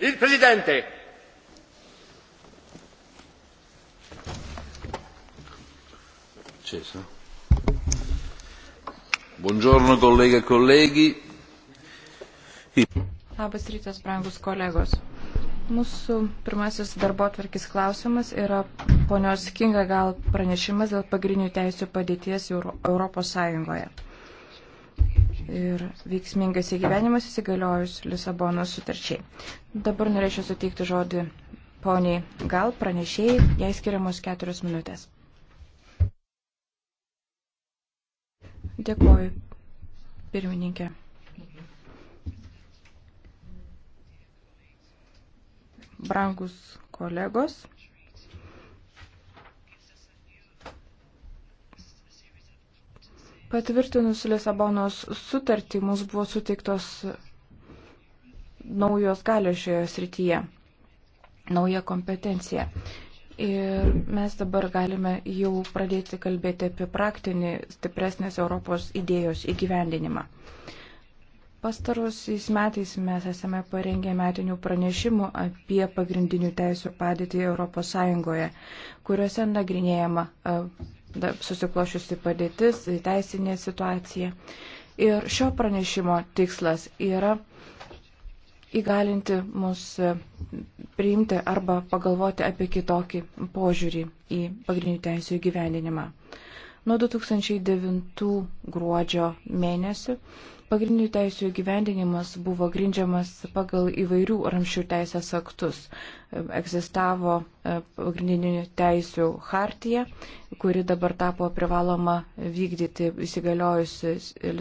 Il Presidente. Cesa. Buongiorno colleghe e colleghi. Labas rytas, brangus kolegos. Mūsų pirmasis darbo atvarkis klausimas yra ponios Kinga gal pranešimas dėl pagrindinių teisų padėties Europos Sąjungoje ir veiksmingas įgyvenimas įsigaliojus Lisabonos sutarčiai. Dabar norėčiau suteikti žodį poniai Gal pranešėjai, jai skiriamos keturios minutės. Dėkuoju, pirmininkė. Brangus kolegos. Patvirtinus Lisabonos sutartį mums buvo suteiktos naujos galios šioje srityje, nauja kompetencija. Ir mes dabar galime jau pradėti kalbėti apie praktinį stipresnės Europos idėjos įgyvendinimą. Pastarusiais metais mes esame parengę metinių pranešimų apie pagrindinių teisų padėtį ES, kuriuose nagrinėjama e, susiklošiusi padėtis, teisinė situacija. Ir šio pranešimo tikslas yra įgalinti mus e, priimti arba pagalvoti apie kitokį požiūrį į pagrindinių teisų įgyvendinimą. Nuo 2009 gruodžio mėnesio Pagrindinių teisų įgyvendinimas buvo grindžiamas pagal įvairių ramšių teisės aktus. Egzistavo e, pagrindinių teisų hartija, kuri dabar tapo privaloma vykdyti įsigaliojus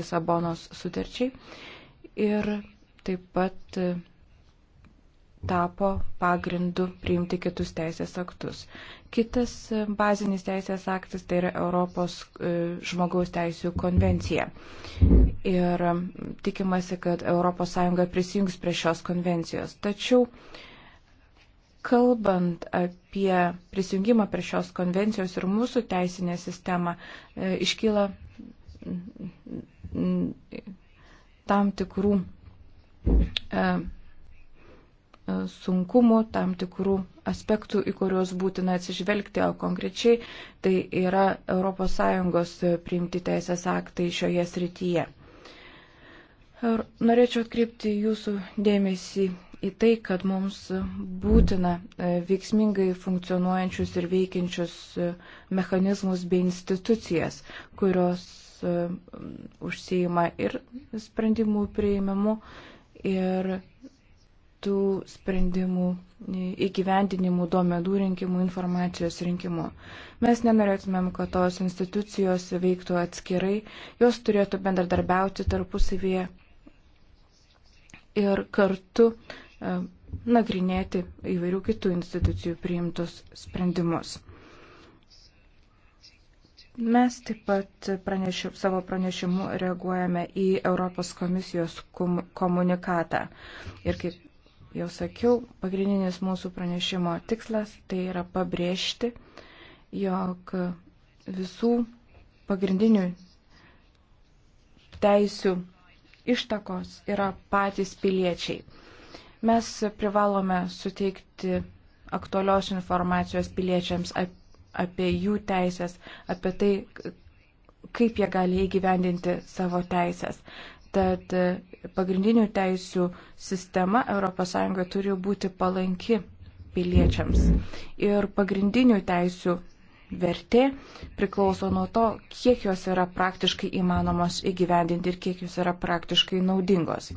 Lisabonos sutarčiai. Ir taip pat e, tapo pagrindu priimti kitus teisės aktus. Kitas e, bazinis teisės aktas tai yra Europos e, žmogaus teisų konvencija. Ir tikimasi, kad ES prisijungs prie šios konvencijos. Tačiau kalbant apie prisijungimą prie šios konvencijos ir mūsų teisinę sistemą, e, iškyla tam tikrų sunkumų, tam tikrų aspektų, į kuriuos būtina atsižvelgti, o konkrečiai tai yra ES priimti teisės aktai šioje srityje. Ir norėčiau atkreipti jūsų dėmesį į tai, kad mums būtina e, veiksmingai funkcionuojančius ir veikiančius e, mechanizmus bei institucijas, kurios e, užsieima ir sprendimų prieimimu, ir tų sprendimų įgyvendinimų, duomenų rinkimų, informacijos rinkimų. Mes nenorėtumėm, kad tos institucijos veiktų atskirai, jos turėtų bendradarbiauti tarpusavyje ir kartu e, nagrinėti įvairių kitų institucijų priimtus sprendimus. Mes taip pat pranešim, savo pranešimu reaguojame į Europos komisijos komunikatą. Ir kaip jau sakiau, pagrindinis mūsų pranešimo tikslas tai yra pabrėžti, jog visų pagrindinių teisių ištakos yra patys piliečiai. Mes privalome suteikti aktualios informacijos piliečiams apie jų teisės, apie tai, kaip jie gali įgyvendinti savo teisės. Tad e, pagrindinių teisių sistema ES turi būti palanki piliečiams. Ir pagrindinių teisių vertė priklauso nuo to, kiek jos yra praktiškai įmanomos įgyvendinti ir kiek jos yra praktiškai naudingos.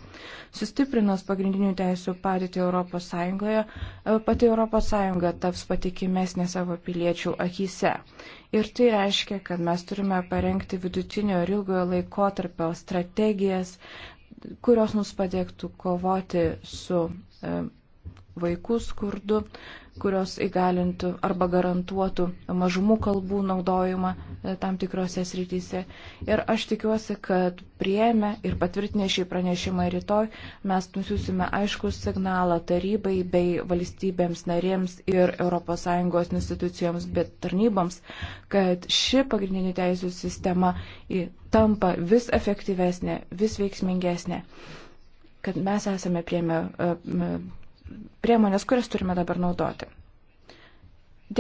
Sustiprinus pagrindinių teisų padėti ES, e, pati ES taps patikimesnė savo piliečių akise. Ir tai reiškia, kad mes turime parengti vidutinio ir ilgojo laikotarpio strategijas, kurios mus padėktų kovoti su e, vaikų skurdu, kurios įgalintų arba garantuotų mažumų kalbų naudojimą e, tam tikrose srityse. Ir aš tikiuosi, kad prieėmę ir patvirtinę šį pranešimą rytoj mes nusiusime aišku signalą tarybai bei valstybėms narėms ir ES institucijoms, bet tarnyboms, kad ši pagrindinių teisų sistema tampa vis efektyvesnė, vis veiksmingesnė kad mes esame prieimę e, priemonės, kurias turime dabar naudoti.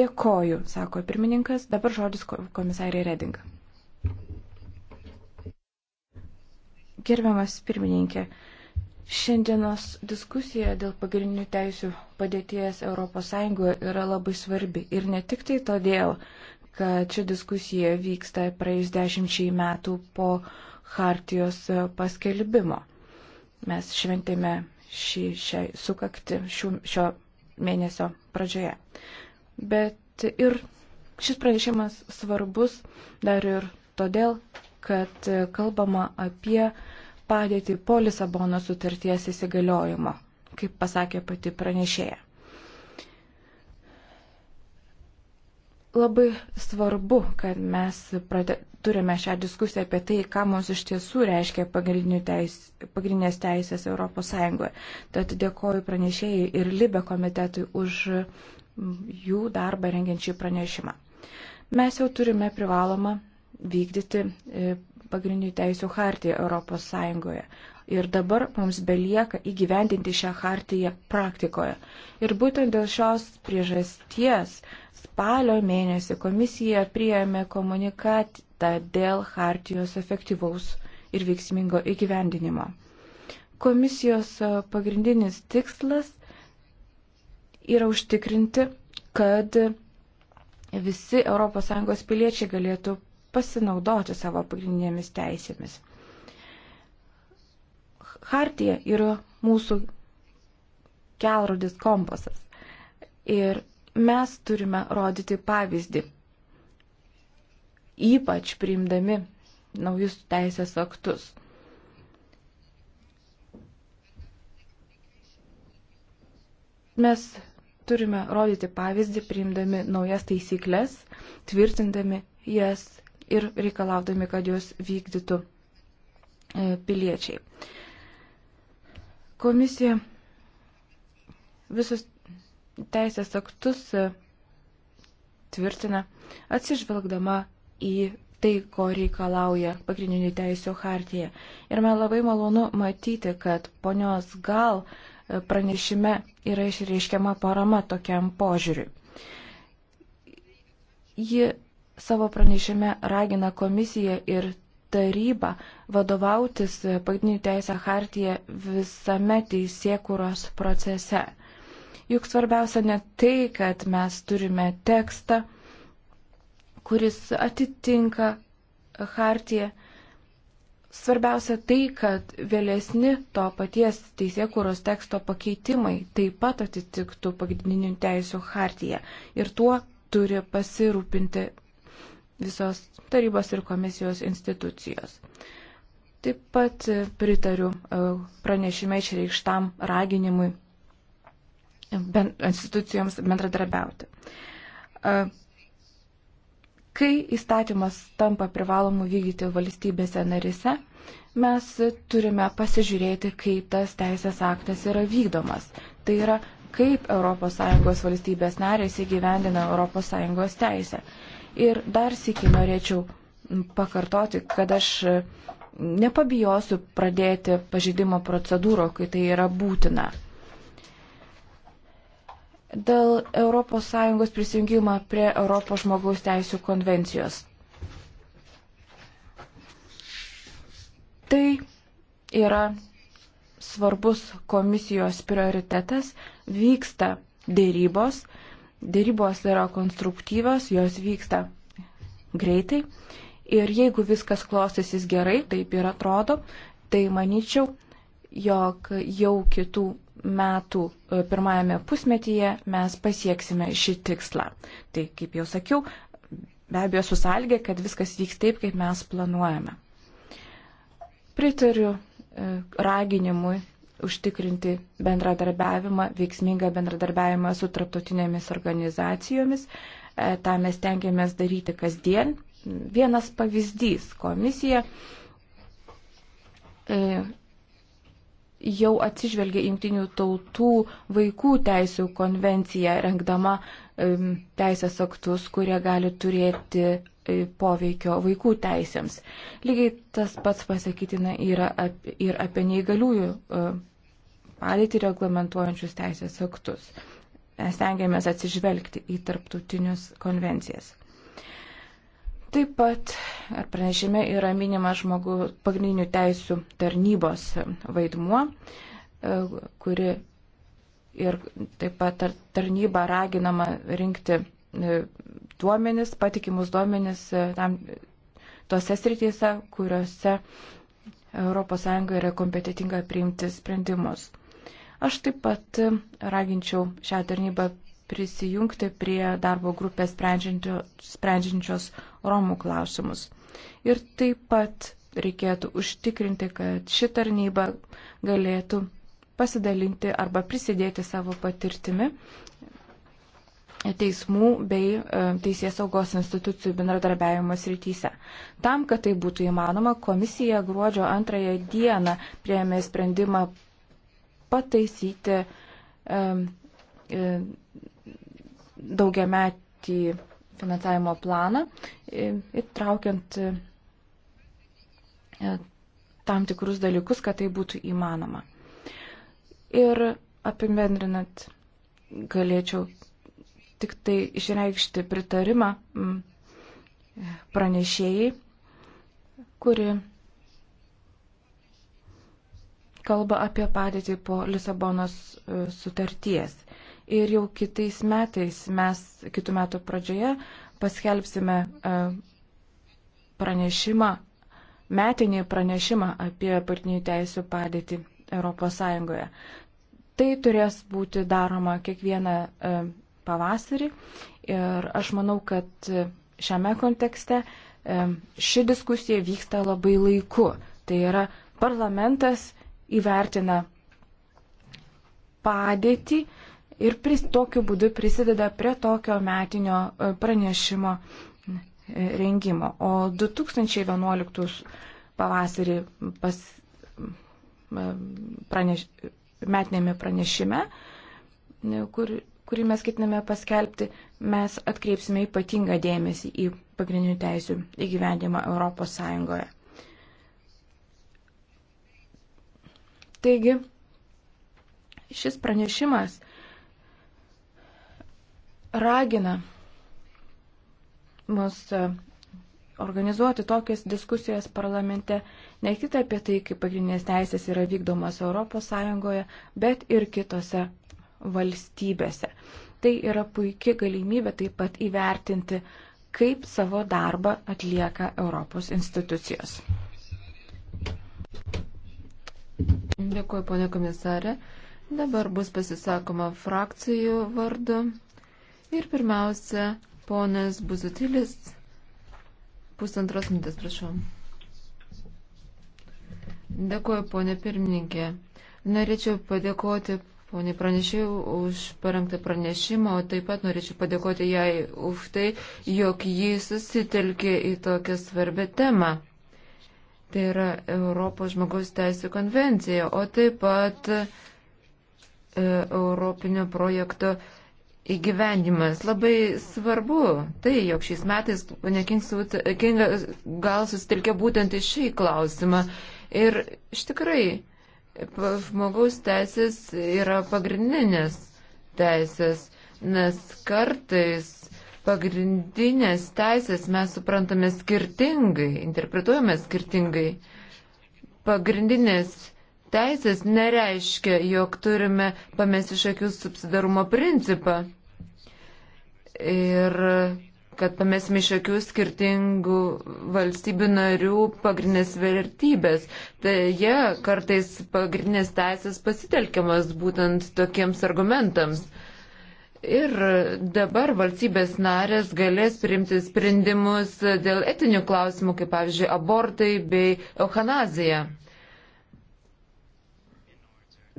Dėkoju, sako pirmininkas, dabar žodis komisariai Redinga. Gerbiamas pirmininkė, šiandienos diskusija dėl pagrindinių teisių padėties ES yra labai svarbi ir ne tik tai todėl, kad ši diskusija vyksta praėjus dešimčiai metų po Hartijos paskelbimo. Mes šventėme šį, šiai sukakti šių, šio mėnesio pradžioje. Bet ir šis pranešimas svarbus dar ir todėl, kad kalbama apie padėtį po Lisabono sutarties įsigaliojimo, kaip pasakė pati pranešėja. Labai svarbu, kad mes prate, turime šią diskusiją apie tai, ką mums iš tiesų reiškia teis, pagrindinės teisės ES. Tad dėkoju pranešėjai ir Libe komitetui už jų darbą rengiančiai pranešimą. Mes jau turime privalomą vykdyti e, pagrindinių teisų hartiją Europos Sąjungoje ir dabar mums belieka įgyvendinti šią hartiją praktikoje. Ir būtent dėl šios priežasties spalio mėnesį komisija priėmė komunikatą dėl hartijos efektyvaus ir veiksmingo įgyvendinimo. Komisijos e, pagrindinis tikslas yra užtikrinti, kad visi ES piliečiai galėtų pasinaudoti savo pagrindinėmis teisėmis. Hartija yra mūsų kelrodis kompasas. Ir mes turime rodyti pavyzdį, ypač priimdami naujus teisės aktus. Mes turime rodyti pavyzdį, priimdami naujas taisyklės, tvirtindami jas ir reikalaudami, kad juos vykdytų e, piliečiai. Komisija visus teisės aktus e, tvirtina atsižvelgdama į tai, ko reikalauja pagrindinių teisų hartija. Ir man labai malonu matyti, kad ponios gal e, pranešime yra išreiškiama parama tokiam požiūriui. Ji savo pranešime ragina komisiją ir taryba vadovautis pagrindinių teisę hartiją visame teisėkūros procese. Juk svarbiausia ne tai, kad mes turime tekstą, kuris atitinka hartiją. Svarbiausia tai, kad vėlesni to paties teisėkūros teksto pakeitimai taip pat atitiktų pagrindinių teisų hartiją ir tuo turi pasirūpinti visos tarybos ir komisijos institucijos. Taip pat pritariu e, pranešime išreikštam raginimui institucijoms bendradarbiauti. E, kai įstatymas tampa privalomu vykdyti valstybėse narise, mes turime pasižiūrėti, kaip tas teisės aktas yra vykdomas. Tai yra, kaip ES valstybės narės įgyvendina ES teisę. Ir dar sėki norėčiau pakartoti, kad aš nepabijosiu pradėti pažydimo procedūro, kai tai yra būtina. Dėl ES prisijungimo prie Europos žmogaus teisų konvencijos. Tai yra svarbus komisijos prioritetas, vyksta dėrybos Dėrybos yra konstruktyvios, jos vyksta greitai ir jeigu viskas klostysis gerai, taip ir atrodo, tai manyčiau, jog jau kitų metų e, pirmajame pusmetyje mes pasieksime šį tikslą. Tai, kaip jau sakiau, be abejo susalgė, kad viskas vyks taip, kaip mes planuojame. Pritariu e, raginimui užtikrinti bendradarbiavimą, veiksmingą bendradarbiavimą su traptautinėmis organizacijomis. E, Ta mes tengiamės daryti kasdien. Vienas pavyzdys - komisija e, jau atsižvelgia jungtinių tautų vaikų teisų konvenciją, rengdama teisės aktus, kurie gali turėti poveikio vaikų teisėms. Lygiai tas pats pasakytina yra ap, ir apie neįgaliųjų e, padėtį reglamentuojančius teisės aktus. Mes tengiamės atsižvelgti į tarptautinius konvencijas. Taip pat pranešime yra minima žmogų pagrindinių teisų tarnybos vaidmuo, e, kuri ir taip pat tarnyba raginama rinkti E, duomenis, patikimus duomenis e, tam, tose srityse, kuriuose ES yra kompetitinga priimti sprendimus. Aš taip pat e, raginčiau šią tarnybą prisijungti prie darbo grupės sprendžiančios Romų klausimus. Ir taip pat reikėtų užtikrinti, kad ši tarnyba galėtų pasidalinti arba prisidėti savo patirtimi teismų bei e, teisės saugos institucijų bendradarbiavimo srityse. Tam, kad tai būtų įmanoma, komisija gruodžio antrąją dieną prieėmė sprendimą pataisyti e, e, daugiametį finansavimo planą, įtraukiant tam tikrus dalykus, kad tai būtų įmanoma. Ir apibendrinant, galėčiau tik tai išreikšti pritarimą mm, pranešėjai, kuri kalba apie padėtį po Lisabonos e, sutarties. Ir jau kitais metais mes, kitų metų pradžioje, paskelbsime e, pranešimą, metinį pranešimą apie partinių teisų padėtį ES. Tai turės būti daroma kiekvieną e, pavasarį. Ir aš manau, kad šiame kontekste ši diskusija vyksta labai laiku. Tai yra parlamentas įvertina padėtį ir pris, tokiu būdu prisideda prie tokio metinio e, pranešimo e, rengimo. O 2011 pavasarį pas, praneš, metinėme pranešime, kur kurį mes ketiname paskelbti, mes atkreipsime ypatingą dėmesį į pagrindinių teisių įgyvendimą Europos Sąjungoje. Taigi, šis pranešimas ragina mus e, organizuoti tokias diskusijas parlamente ne tik apie tai, kaip pagrindinės teisės yra vykdomas ES, bet ir kitose valstybėse. Tai yra puikia galimybė taip pat įvertinti, kaip savo darbą atlieka Europos institucijos. Dėkuoju, ponė komisarė. Dabar bus pasisakoma frakcijų vardu. Ir pirmiausia, ponas Buzutilis. Pusantros minutės, prašau. Dėkuoju, ponė pirmininkė. Norėčiau padėkoti Pone pranešiau už parengtą pranešimą, o taip pat norėčiau padėkoti jai už tai, jog ji susitelkė į tokią svarbę temą. Tai yra Europos žmogaus teisų konvencija, o taip pat e, Europinio projekto įgyvendimas. Labai svarbu tai, jog šiais metais ponė Kinga gal susitelkė būtent į šį klausimą. Ir iš tikrai žmogaus teisės yra pagrindinės teisės, nes kartais pagrindinės teisės mes suprantame skirtingai, interpretuojame skirtingai. Pagrindinės teisės nereiškia, jog turime pamesti iš akių subsidarumo principą. Ir kad pamėsime iš akių skirtingų valstybių narių pagrindinės vertybės. Tai jie ja, kartais pagrindinės teisės pasitelkiamas būtent tokiems argumentams. Ir dabar valstybės narės galės priimti sprendimus dėl etinių klausimų, kaip pavyzdžiui, abortai bei eutanazija.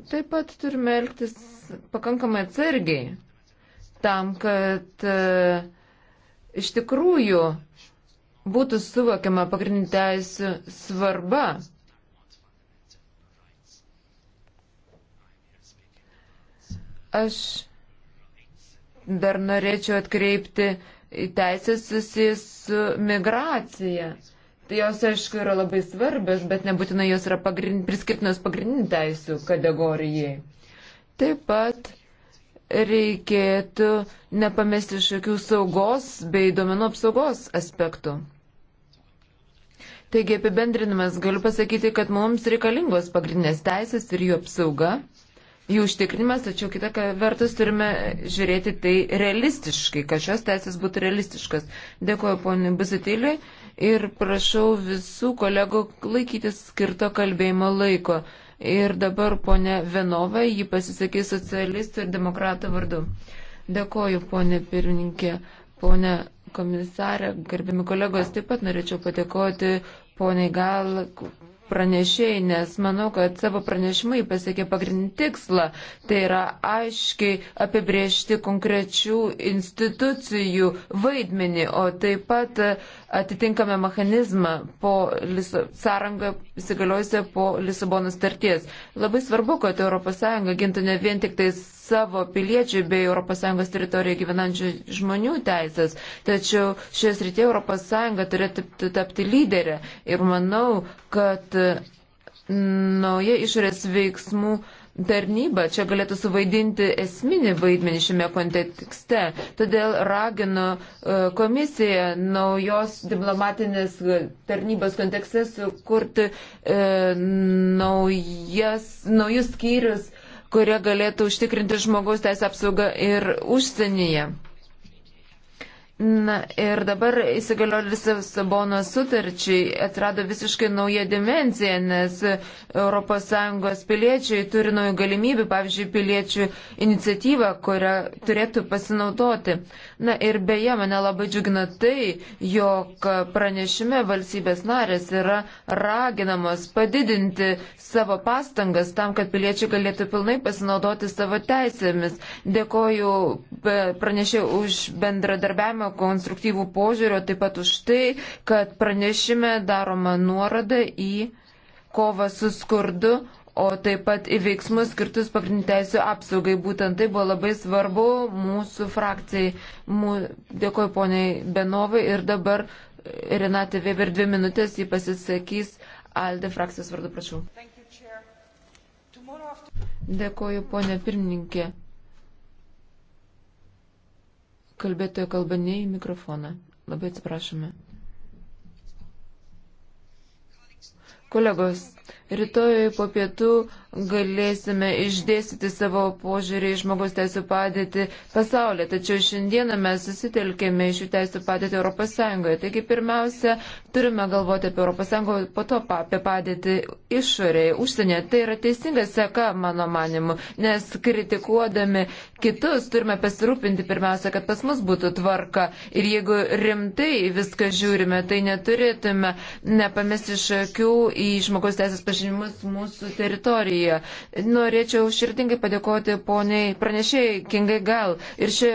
Taip pat turime elgtis pakankamai atsargiai tam, kad uh, iš tikrųjų būtų suvokiama pagrindinių teisų svarba. Aš dar norėčiau atkreipti į teisės susijęs su migracija. Tai jos, aišku, yra labai svarbios, bet nebūtinai jos yra pagrind, priskirtinos pagrindinių teisų kategorijai. Taip pat reikėtų nepamesti šiokių saugos bei domenų apsaugos aspektų. Taigi apibendrinimas galiu pasakyti, kad mums reikalingos pagrindinės teisės ir jų apsauga, jų užtikrinimas, tačiau kitą vertus turime žiūrėti tai realistiškai, kad šios teisės būtų realistiškas. Dėkuoju poniai Bazitiliui ir prašau visų kolegų laikytis skirto kalbėjimo laiko. Ir dabar ponė Venova, ji pasisakys socialistų ir demokratų vardu. Dėkoju, ponė pirmininkė, ponė komisarė, garbimi kolegos, taip pat norėčiau padėkoti poniai Gal, pranešėjai, nes manau, kad savo pranešimai pasiekė pagrindinį tikslą. Tai yra aiškiai apibriežti konkrečių institucijų vaidmenį, o taip pat atitinkame mechanizmą po sąrangą įsigaliojusią po Lisabono starties. Labai svarbu, kad ES gintų ne vien tik tais savo piliečių bei ES teritorijoje gyvenančių žmonių teisės. Tačiau šioje srityje ES turėtų tapti lyderė ir manau, kad nauja išorės veiksmų tarnyba čia galėtų suvaidinti esminį vaidmenį šiame kontekste. Todėl raginu e, komisiją naujos diplomatinės tarnybos kontekste sukurti e, naujas, naujus skyrius kurie galėtų užtikrinti žmogaus teisę apsaugą ir užsienyje. Na ir dabar įsigaliojus Sabono sutarčiai atrado visiškai nauja dimencija, nes ES piliečiai turi naujų galimybių, pavyzdžiui, piliečių iniciatyvą, kurią turėtų pasinaudoti. Na ir beje, mane labai džiugina tai, jog pranešime valstybės narės yra raginamos padidinti savo pastangas tam, kad piliečiai galėtų pilnai pasinaudoti savo teisėmis. Dėkoju e, pranešė už bendradarbiavimą konstruktyvų požiūrio, taip pat už tai, kad pranešime daroma nuorada į kovą su skurdu, o taip pat į veiksmus skirtus pagrindinių teisų apsaugai. Būtent tai buvo labai svarbu mūsų frakcijai. Mū... Dėkuoju poniai Benovai ir dabar e, Renatė Weber dvi minutės jį pasisakys. Alde frakcijos vardu, prašau. Dėkuoju, ponė pirmininkė. Kalbėtojo kalba ne į mikrofoną. Labai atsiprašome. Kolegos, rytoj po pietų galėsime išdėstyti savo požiūrį į žmogaus teisų padėtį pasaulyje. Tačiau šiandieną mes susitelkėme iš jų teisų padėtį ES. Taigi pirmiausia, turime galvoti apie ES, po to apie padėtį išorėje, užsienyje. Tai yra teisinga seka, mano manimu, nes kritikuodami kitus turime pasirūpinti pirmiausia, kad pas mus būtų tvarka. Ir jeigu rimtai viską žiūrime, tai neturėtume nepamesti iš akių į žmogaus teisės pažinimus mūsų teritorijoje Sirijoje. Norėčiau širdingai padėkoti poniai pranešėjai Kingai Gal ir šie,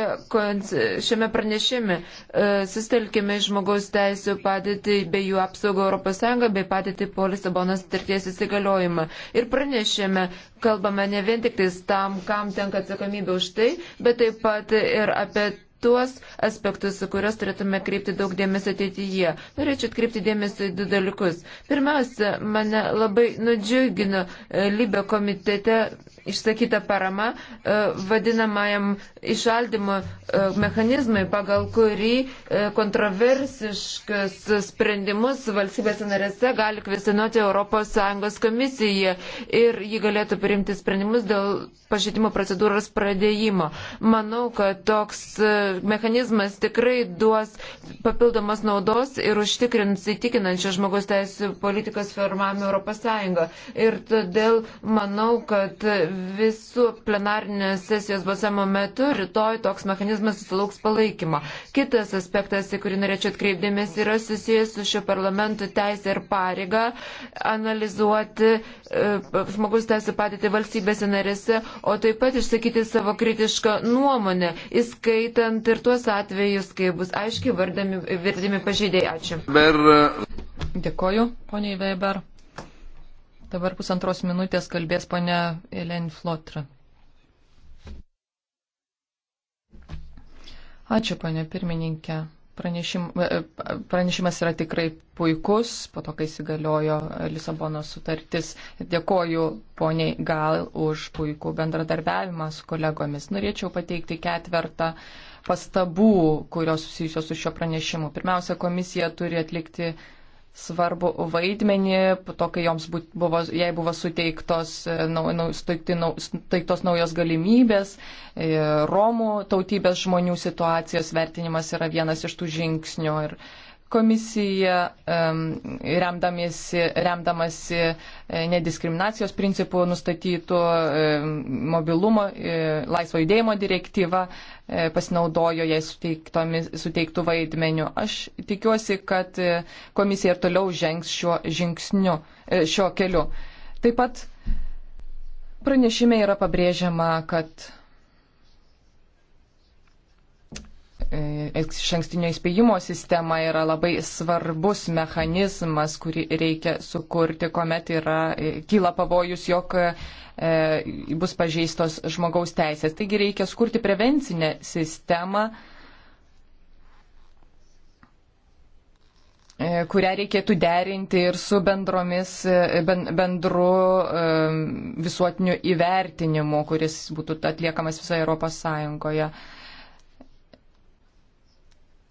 šiame pranešime e, sustelkime žmogaus teisų padėti bei jų apsaugą ES bei padėti po Lisabonos tirties įsigaliojimą. Ir pranešime kalbame ne vien tik tam, kam tenka atsakomybė už tai, bet taip pat ir apie tuos aspektus, į kurias turėtume kreipti daug dėmesio ateityje. Norėčiau atkreipti dėmesį į du dalykus. Pirmiausia, mane labai nudžiugino e, Libė komitete išsakyta parama e, vadinamajam išaldimo e, mechanizmui, pagal kurį e, kontroversiškas sprendimus valstybės narėse gali kvestinuoti ES komisija ir ji galėtų priimti sprendimus dėl pažeidimo procedūros pradėjimo. Manau, kad toks mechanizmas tikrai duos papildomas naudos ir užtikrins įtikinančią žmogaus teisų politikos formavimą ES. Ir todėl manau, kad visų plenarinės sesijos balsavimo metu rytoj toks mechanizmas susilauks palaikymo. Kitas aspektas, į kurį norėčiau atkreipdėmės, yra susijęs su šio parlamentu teisė ir pareiga analizuoti e, žmogus teisų padėti valstybėse narėse, o taip pat išsakyti savo kritišką nuomonę, įskaitant ir tuos atvejus, kai bus aiškiai vardami, vardami pažeidėjai. Ačiū. Ber... Dėkoju, poniai Weber. Dabar pusantros minutės kalbės ponia Elen Flotra. Ačiū, ponia pirmininkė. Pranešim, e, pranešimas yra tikrai puikus, po to, kai įsigaliojo Lisabono sutartis. Dėkoju poniai Gal už puikų bendradarbiavimą su kolegomis. Norėčiau pateikti ketvertą pastabų, kurios susijusios su šio pranešimu. Pirmiausia, komisija turi atlikti svarbu vaidmenį, po to, kai joms buvo, jai buvo suteiktos, e, nau, nau, suteikti, nau, suteiktos naujos galimybės, e, Romų tautybės žmonių situacijos vertinimas yra vienas iš tų žingsnių. Ir, komisija, remdamasi e, nediskriminacijos principų nustatytų e, mobilumo, e, laisvo judėjimo direktyvą, pasinaudojo jai suteiktų vaidmenių. Aš tikiuosi, kad komisija ir toliau žengs šiuo žingsniu, šiuo keliu. Taip pat pranešime yra pabrėžiama, kad E, šankstinio įspėjimo sistema yra labai svarbus mechanizmas, kurį reikia sukurti, kuomet yra, e, kyla pavojus, jog e, bus pažeistos žmogaus teisės. Taigi reikia skurti prevencinę sistemą, e, kurią reikėtų derinti ir su bendromis, e, ben, bendru e, visuotiniu įvertinimu, kuris būtų atliekamas visoje Europos Sąjungoje. E,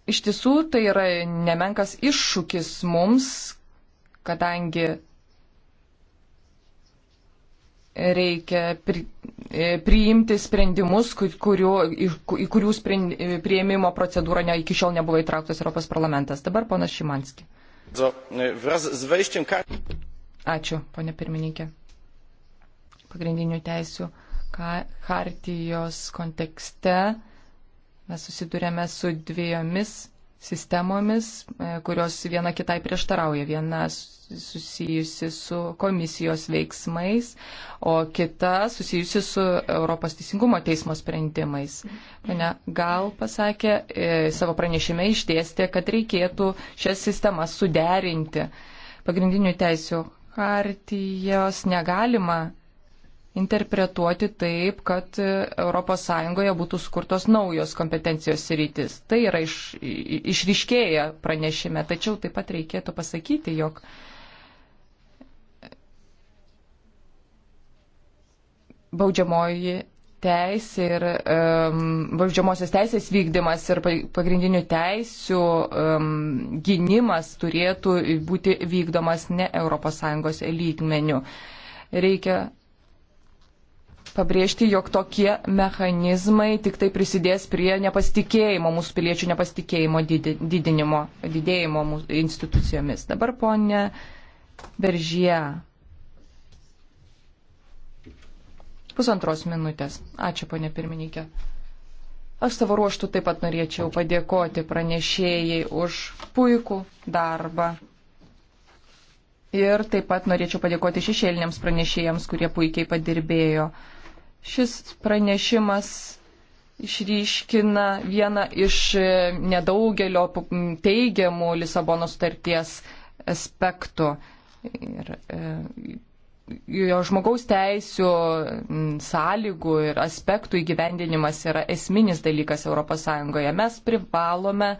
Iš tiesų tai yra nemenkas iššūkis mums, kadangi reikia pri, e, priimti sprendimus, kurių, į kurių sprend, e, prieimimo procedūrą ne, iki šiol nebuvo įtrauktas Europos parlamentas. Dabar ponas Šimanski. E, Ačiū, ponė pirmininkė. Pagrindinių teisių hartijos kontekste Mes susidurėme su dviejomis sistemomis, e, kurios viena kitai prieštarauja. Viena susijusi su komisijos veiksmais, o kita susijusi su Europos teisingumo teismo sprendimais. Pane Gal pasakė, e, savo pranešime išdėstė, kad reikėtų šias sistemas suderinti. Pagrindinių teisių hartijos negalima interpretuoti taip, kad ES būtų skurtos naujos kompetencijos rytis. Tai yra iš, išriškėję pranešime, tačiau taip pat reikėtų pasakyti, jog baudžiamoji teisė ir um, valdžiamosios teisės vykdymas ir pagrindinių teisių um, gynimas turėtų būti vykdomas ne ES lygmeniu. Reikia pabrėžti, jog tokie mechanizmai tik tai prisidės prie nepasitikėjimo, mūsų piliečių nepasitikėjimo didinimo, didėjimo institucijomis. Dabar ponė Beržie. Pusantros minutės. Ačiū, ponė pirmininkė. Aš savo ruoštų taip pat norėčiau padėkoti pranešėjai už puikų darbą. Ir taip pat norėčiau padėkoti šešėliniams pranešėjams, kurie puikiai padirbėjo. Uh, Šis pranešimas išryškina vieną iš nedaugelio teigiamų Lisabono starties aspektų. Ir, e, jo žmogaus teisų sąlygų ir aspektų įgyvendinimas yra esminis dalykas ES. Mes privalome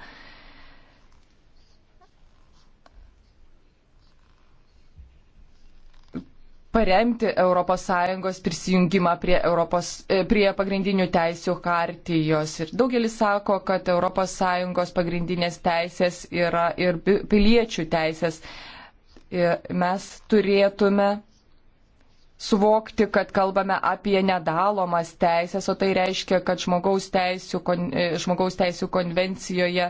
paremti ES prisijungimą prie, Europos, e, prie pagrindinių teisių hartijos. Ir daugelis sako, kad ES pagrindinės teisės yra ir piliečių teisės. Ir e, mes turėtume suvokti, kad kalbame apie nedalomas teisės, o tai reiškia, kad žmogaus teisų, e, žmogaus teisų konvencijoje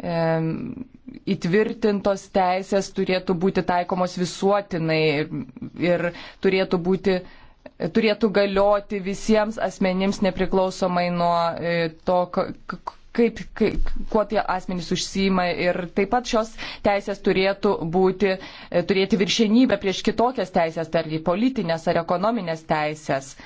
įtvirtintos teisės turėtų būti taikomos visuotinai ir turėtų būti turėtų galioti visiems asmenims nepriklausomai nuo e, to, kaip, kaip, kuo tie asmenys užsima ir taip pat šios teisės turėtų būti, e, turėti viršenybę prieš kitokias teisės, tarkim politinės ar ekonominės teisės. Uh,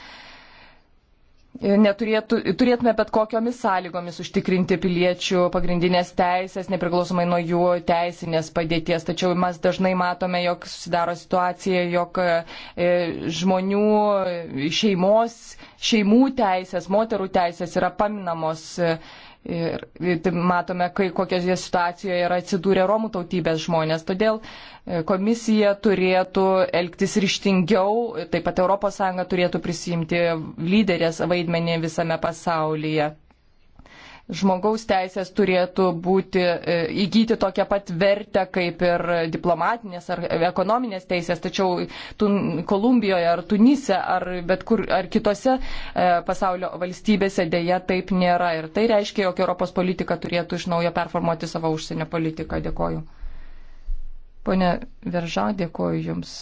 neturėtų, turėtume bet kokiomis sąlygomis užtikrinti piliečių pagrindinės teisės, nepriklausomai nuo jų teisinės padėties. Tačiau mes dažnai matome, jog susidaro situacija, jog e, žmonių e, šeimos, šeimų teisės, moterų teisės yra paminamos e, Ir, ir tai matome, kai, kokie situacijoje yra atsidūrę Romų tautybės žmonės. Todėl e, komisija turėtų elgtis ryštingiau, taip pat ES turėtų prisimti lyderės vaidmenį visame pasaulyje žmogaus teisės turėtų būti, e, įgyti tokią pat vertę kaip ir diplomatinės ar ekonominės teisės, tačiau tun, Kolumbijoje ar Tunise ar bet kur ar kitose e, pasaulio valstybėse dėja taip nėra. Ir tai reiškia, jog Europos politika turėtų iš naujo performuoti savo užsienio politiką. Dėkoju. Pone Veržą, dėkoju Jums.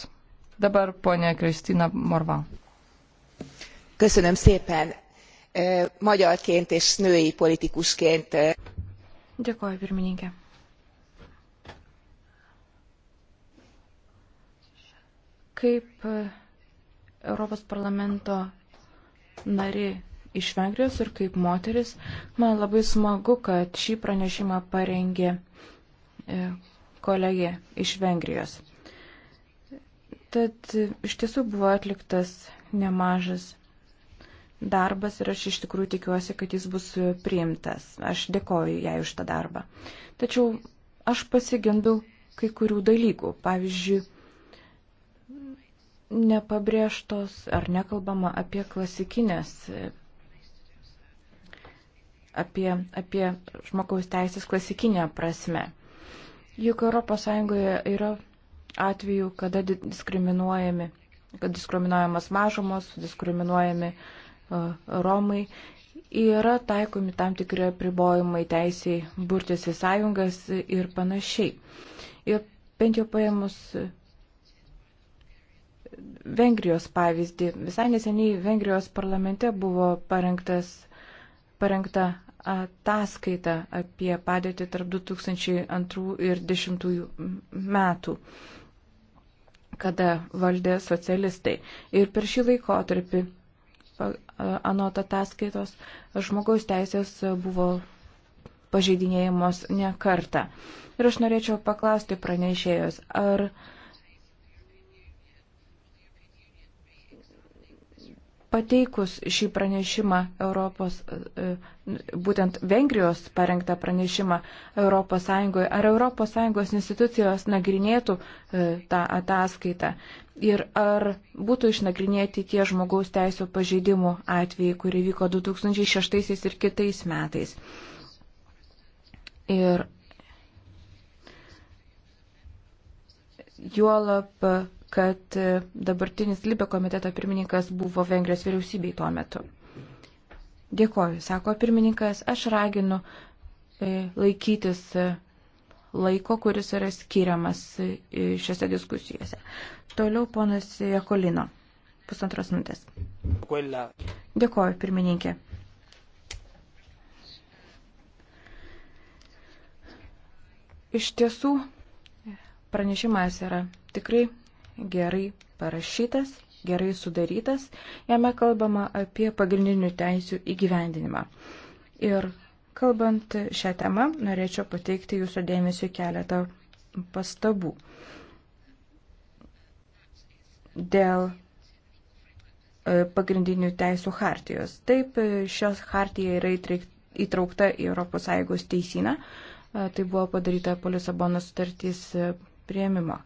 Dabar ponė Kristina Morva. Köszönöm szépen E, magyarként és női politikusként. E, Dėkoju, pirmininkė. Kaip e, Europos parlamento nari iš Vengrijos ir kaip moteris, man labai smagu, kad šį pranešimą parengė kolegė iš Vengrijos. Tad iš tiesų buvo atliktas nemažas darbas ir aš iš tikrųjų tikiuosi, kad jis bus priimtas. Aš dėkoju jai už tą darbą. Tačiau aš pasigendu kai kurių dalykų. Pavyzdžiui, nepabrėžtos ar nekalbama apie klasikinės, apie, apie žmogaus teisės klasikinę prasme. Juk ES yra atvejų, kada diskriminuojami, kad diskriminuojamas mažumos, diskriminuojami uh, Romai yra taikomi tam tikri apribojimai teisiai burtis į sąjungas ir panašiai. Ir bent jau paėmus Vengrijos pavyzdį, visai neseniai Vengrijos parlamente buvo parengtas, parengta ataskaita apie padėtį tarp 2002 ir 2010 metų kada valdė socialistai. Ir per šį laikotarpį anot ataskaitos žmogaus teisės buvo pažeidinėjamos ne kartą. Ir aš norėčiau paklausti pranešėjos, ar Pateikus šį pranešimą Europos, e, būtent Vengrijos parengtą pranešimą ES, ar ES institucijos nagrinėtų e, tą ataskaitą ir ar būtų išnagrinėti tie žmogaus teisų pažeidimų atvejai, kurie vyko 2006 ir kitais metais. Ir juolap kad e, dabartinis Libė komiteto pirmininkas buvo Vengrijos vyriausybei tuo metu. Dėkoju, sako pirmininkas, aš raginu e, laikytis e, laiko, kuris yra skiriamas šiose diskusijose. Toliau ponas Jakolino, pusantros minutės. Dėkoju, pirmininkė. Iš tiesų, pranešimas yra tikrai gerai parašytas, gerai sudarytas, jame kalbama apie pagrindinių teisių įgyvendinimą. Ir kalbant šią temą, norėčiau pateikti jūsų dėmesį keletą pastabų. Dėl e, pagrindinių teisų hartijos. Taip, e, šios hartija yra įtraukta į ES teisiną. E, tai buvo padaryta po Lisabonos sutartys prieimimo.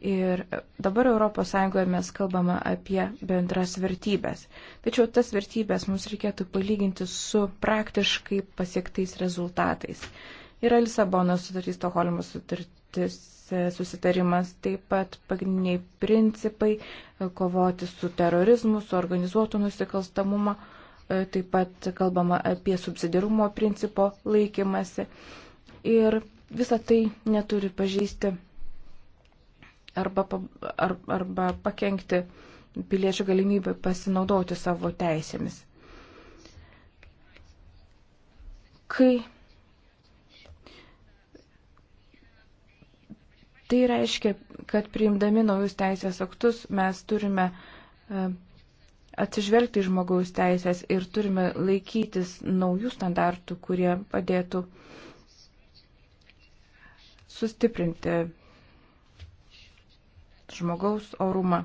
Ir dabar ES mes kalbame apie bendras vertybės. Tačiau tas vertybės mums reikėtų palyginti su praktiškai pasiektais rezultatais. Yra Lisabonos sutartys, Stokholmo sutartis, susitarimas, taip pat pagrindiniai principai kovoti su terorizmu, su organizuotu nusikalstamumu, taip pat kalbama apie subsidirumo principo laikymasi. Ir visa tai neturi pažįsti arba, ar, arba pakengti piliečių galimybę pasinaudoti savo teisėmis. Kai tai reiškia, kad priimdami naujus teisės aktus mes turime e, atsižvelgti žmogaus teisės ir turime laikytis naujų standartų, kurie padėtų sustiprinti žmogaus orumą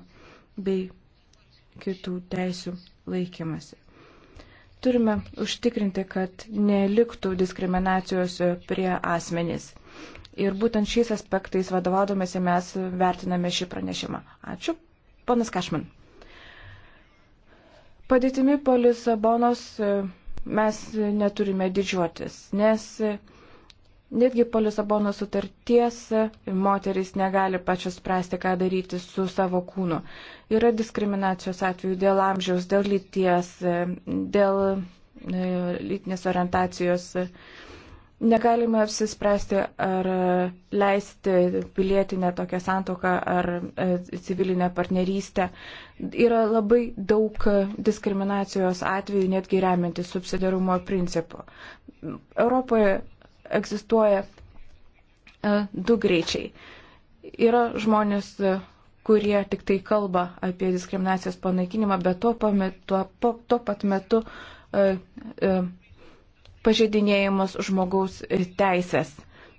bei kitų teisių laikymasi. Turime užtikrinti, kad neliktų diskriminacijos prie asmenys. Ir būtent šiais aspektais vadovaudomėsi mes vertiname šį pranešimą. Ačiū. Ponas Kašman. Padėtimi po Lisabonos e, mes neturime didžiuotis, nes Netgi po Lisabono sutarties moteris negali pačios spręsti, ką daryti su savo kūnu. Yra diskriminacijos atveju dėl amžiaus, dėl lyties, dėl e, lytinės orientacijos. Negalime apsispręsti, ar leisti pilietinę tokią santoką ar e, civilinę partnerystę. Yra labai daug diskriminacijos atvejų, netgi remiantis subsidarumo principu. Europoje egzistuoja e, du greičiai. Yra žmonės, e, kurie tik tai kalba apie diskriminacijos panaikinimą, bet tuo, pamet, tuo, po, tuo pat metu e, e, pažeidinėjimus žmogaus teisės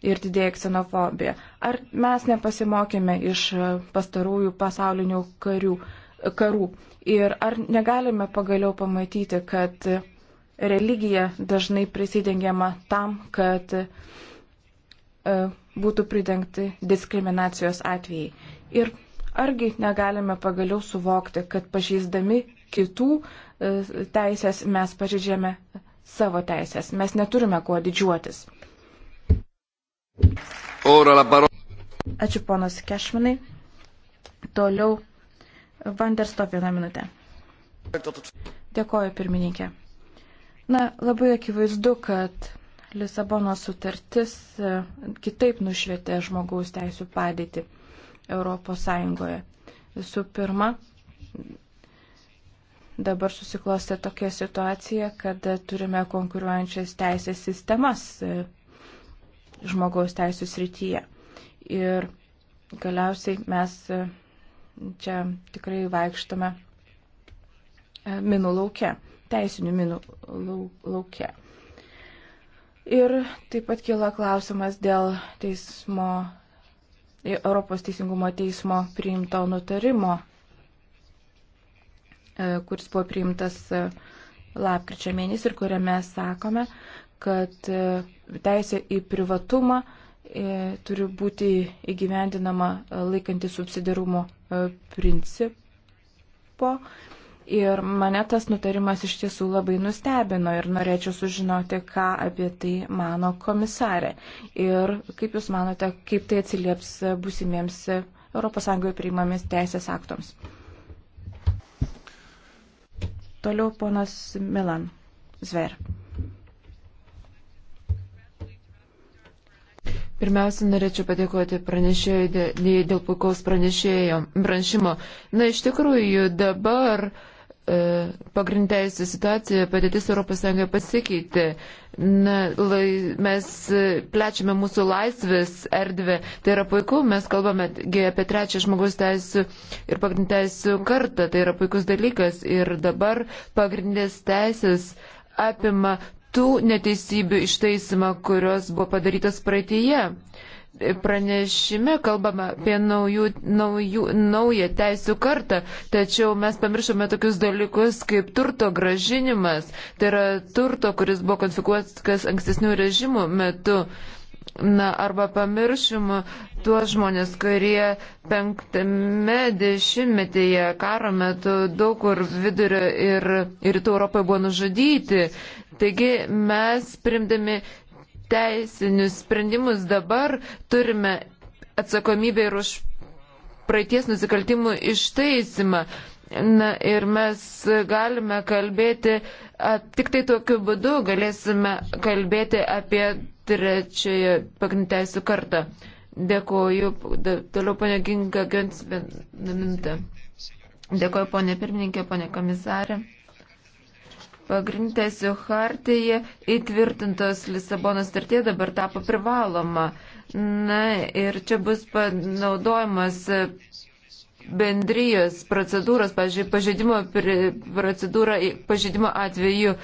ir didėja ksenofobija. Ar mes nepasimokėme iš e, pastarųjų pasaulinių karių, karų ir ar negalime pagaliau pamatyti, kad religija dažnai prisidengiama tam, kad e, būtų pridengti diskriminacijos atvejai. Ir argi negalime pagaliau suvokti, kad pažeisdami kitų e, teisės mes pažeidžiame savo teisės. Mes neturime kuo didžiuotis. Ačiū ponas Kešminai. Toliau Vanderstop vieną minutę. Dėkoju pirmininkė. Na, labai akivaizdu, kad Lisabono sutartis e, kitaip nušvietė žmogaus teisų padėtį Europos Sąjungoje. Visų pirma, dabar susiklostė tokia situacija, kad turime konkuruojančias teisės sistemas e, žmogaus teisų srityje. Ir galiausiai mes e, čia tikrai vaikštame minų laukia teisinių minų laukia. Ir taip pat kila klausimas dėl teismo, Europos teisingumo teismo priimto nutarimo, e, kuris buvo priimtas e, lapkričio mėnesį ir kuriame sakome, kad e, teisė į privatumą turi būti įgyvendinama laikantį subsidarumo principo Ir mane tas nutarimas iš tiesų labai nustebino ir norėčiau sužinoti, ką apie tai mano komisarė. Ir kaip Jūs manote, kaip tai atsilieps busimiems ES priimamis teisės aktams. Toliau ponas Milan Zver. Pirmiausia, norėčiau padėkoti pranešėjai dėl puikaus pranešimo. Na, iš tikrųjų, dabar uh, E, pagrindėjusi situacija, padėtis ES pasikeitė. Na, lai, mes plečiame mūsų laisvės erdvę, tai yra puiku, mes kalbame apie trečią žmogaus teisų ir pagrindėjusių kartą, tai yra puikus dalykas ir dabar pagrindės teisės apima tų neteisybių išteisimą, kurios buvo padarytas praeitėje pranešime kalbama apie naujų, naujų, naują teisų kartą, tačiau mes pamiršome tokius dalykus kaip turto gražinimas, tai yra turto, kuris buvo konfiskuotas ankstesnių režimų metu. Na, arba pamiršim tuos žmonės, kurie penktame dešimtmetyje karo metu daug kur vidurio ir rytų Europoje buvo nužudyti. Taigi mes primdami teisinius sprendimus dabar turime atsakomybę ir už praeities nusikaltimų išteisimą. Na ir mes galime kalbėti, a, tik tai tokiu būdu galėsime kalbėti apie trečiąją pagrindinę teisų kartą. Dėkuoju. Da, toliau ponia Ginga Gensvė minutę. Dėkuoju ponia pirmininkė, ponia komisarė pagrindėsių hartija įtvirtintos Lisabono startie dabar tapo privaloma. Na ir čia bus panaudojamas bendrijos procedūros, pažiūrėjau, pažeidimo procedūra pažeidimo atveju.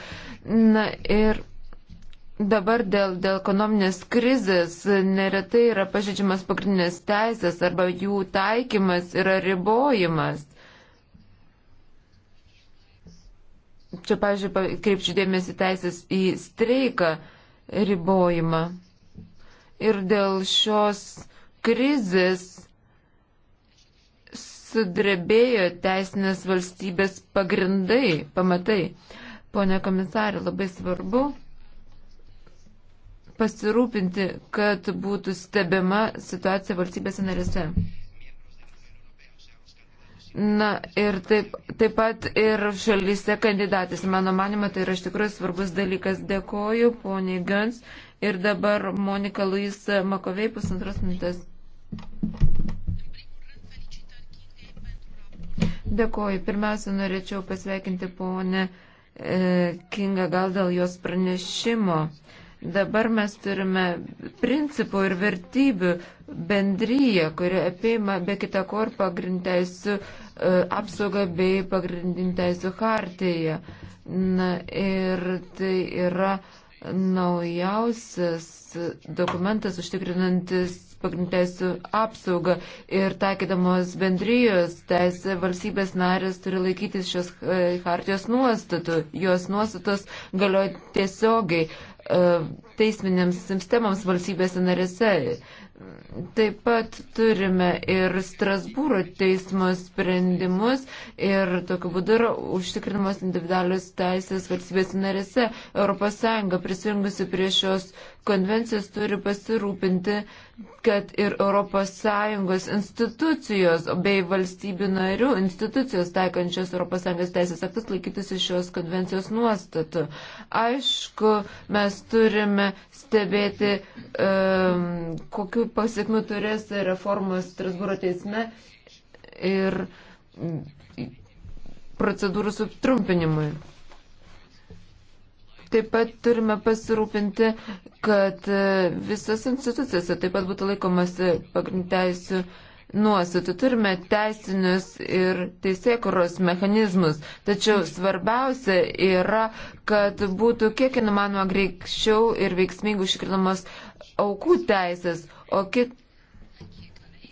Na ir dabar dėl, dėl ekonominės krizės neretai yra pažeidžiamas pagrindinės teisės arba jų taikymas yra ribojimas. Čia, pavyzdžiui, kreipčiau dėmesį teisės į streiką ribojimą. Ir dėl šios krizės sudrebėjo teisinės valstybės pagrindai, pamatai. Pone komisarė, labai svarbu pasirūpinti, kad būtų stebima situacija valstybėse narėse. Na ir taip, taip pat ir šalyse kandidatės. Mano manimo, tai yra iš tikrųjų svarbus dalykas. Dėkoju, poniai Gans. Ir dabar Monika Luis Makovei, pusantros minutės. Dėkoju. Pirmiausia, norėčiau pasveikinti ponę e, Kinga gal dėl jos pranešimo. Dabar mes turime principų ir vertybių bendryje, kuri apima be kita ko ir pagrindteisų e, apsaugą bei pagrindinteisų hartiją. Na ir tai yra naujausias dokumentas užtikrinantis pagrindteisų apsaugą ir taikydamos bendrijos teisė valstybės narės turi laikytis šios e, hartijos nuostatų. Jos nuostatos galioja tiesiogiai e, teisminėms sistemams valstybėse narėse Taip pat turime ir Strasbūro teismo sprendimus ir tokiu būdu yra užtikrinamos individualios teisės valstybės narėse. ES prisijungusi prie šios konvencijos turi pasirūpinti, kad ir ES institucijos bei valstybių narių institucijos taikančios ES teisės aktus laikytųsi šios konvencijos nuostatų. Aišku, mes turime stebėti, um, kokiu pasirūpinti pasiekmių turės reformos Strasbūro teisme ir procedūrų sutrumpinimui. Taip pat turime pasirūpinti, kad visas institucijose taip pat būtų laikomasi pagrindteisių nuostatų, turime teisinius ir teisėkuros mechanizmus, tačiau svarbiausia yra, kad būtų kiek įmanoma greičiau ir veiksmingų iškrinamos aukų teisės, o kit...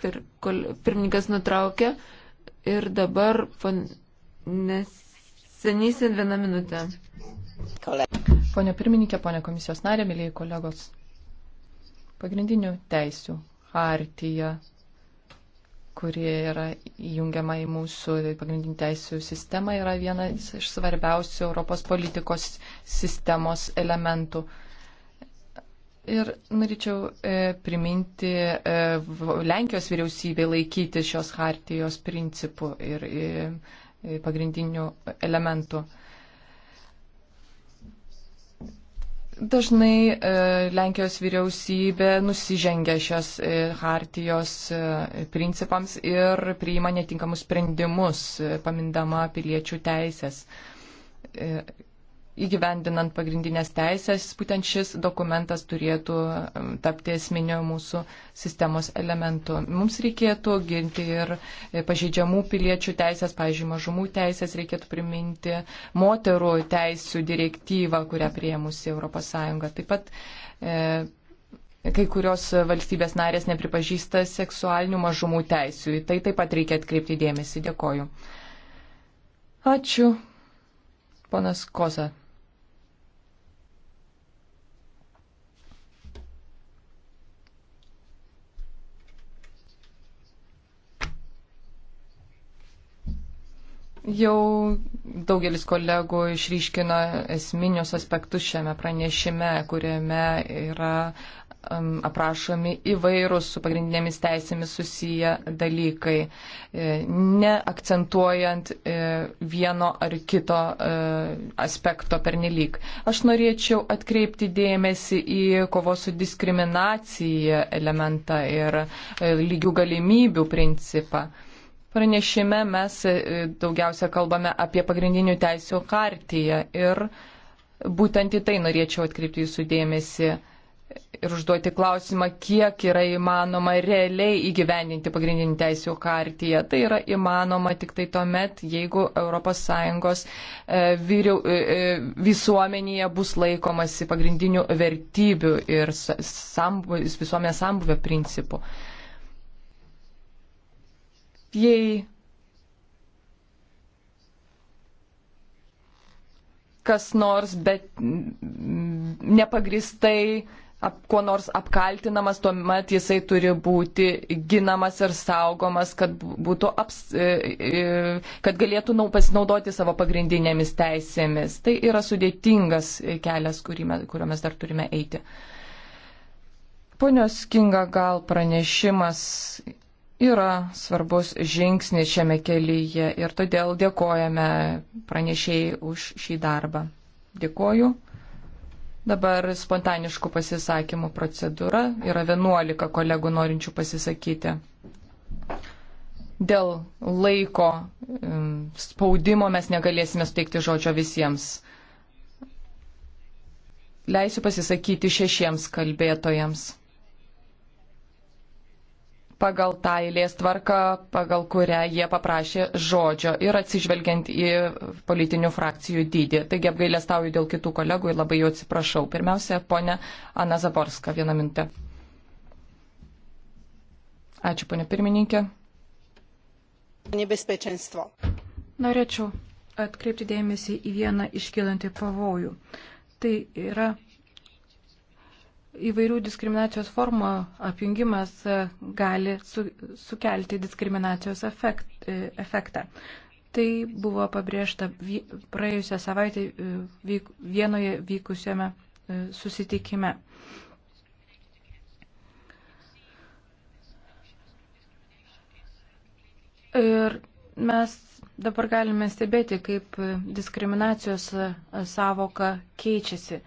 Ir kol pirmininkas nutraukė ir dabar pan... nesenysin vieną minutę. Pone pirmininkė, pone komisijos narė, mėlyje kolegos. Pagrindinių teisių hartija kuri yra įjungiama į mūsų pagrindinį teisų sistemą, yra vienas iš svarbiausių Europos politikos sistemos elementų. Ir norėčiau e, priminti e, Lenkijos vyriausybė laikyti šios hartijos principų ir e, pagrindinių elementų. E, Dažnai e, Lenkijos vyriausybė nusižengia šios e, hartijos e, principams ir priima netinkamus sprendimus, e, pamindama piliečių teisės. E, įgyvendinant pagrindinės teisės, būtent šis dokumentas turėtų um, tapti esminio mūsų sistemos elementu. Mums reikėtų ginti ir e, pažeidžiamų piliečių teisės, pavyzdžiui, mažumų teisės, reikėtų priminti moterų teisų direktyvą, kurią prieimusi ES. Taip pat e, kai kurios valstybės narės nepripažįsta seksualinių mažumų teisų. Į tai taip pat reikia atkreipti dėmesį. Dėkoju. Ačiū. Ponas Koza. Jau daugelis kolegų išryškino esminius aspektus šiame pranešime, kuriame yra um, aprašomi įvairūs su pagrindinėmis teisėmis susiję dalykai, e, neakcentuojant e, vieno ar kito e, aspekto pernelyg. Aš norėčiau atkreipti dėmesį į kovos su diskriminacija elementą ir e, lygių galimybių principą. E, Pranešime mes e, daugiausia kalbame apie pagrindinių teisų kartiją ir būtent į tai norėčiau atkreipti jūsų dėmesį ir užduoti klausimą, kiek yra įmanoma realiai įgyvendinti pagrindinį teisų kartiją. Tai yra įmanoma tik tai tuomet, jeigu ES e, vyriau, e, visuomenėje bus laikomasi pagrindinių vertybių ir sambu, visuomenės sambuvio principų jei kas nors bet nepagristai ap, kuo nors apkaltinamas, tuomet jisai turi būti ginamas ir saugomas, kad, būtų aps, e, e, kad galėtų nau, pasinaudoti savo pagrindinėmis teisėmis. Tai yra sudėtingas kelias, me, kuriuo mes dar turime eiti. Ponios Kinga, gal pranešimas yra svarbus žingsnis šiame kelyje ir todėl dėkojame pranešėjai už šį darbą. Dėkoju. Dabar spontaniškų pasisakymų procedūra. Yra 11 kolegų norinčių pasisakyti. Dėl laiko spaudimo mes negalėsime suteikti žodžio visiems. Leisiu pasisakyti šešiems kalbėtojams pagal tą eilės tvarką, pagal kurią jie paprašė žodžio ir atsižvelgiant į politinių frakcijų dydį. Taigi apgailestauju dėl kitų kolegų ir labai jų atsiprašau. Pirmiausia, ponė Ana Zaborska, vieną mintę. Ačiū, ponė pirmininkė. Nebespečenstvo. Norėčiau atkreipti dėmesį į vieną iškilantį pavojų. Tai yra įvairių diskriminacijos formų apjungimas e, gali su, sukelti diskriminacijos efekt, e, efektą. Tai buvo pabrėžta vy, praėjusią savaitę e, vyk, vienoje vykusiame susitikime. Ir mes dabar galime stebėti, kaip diskriminacijos savoka keičiasi.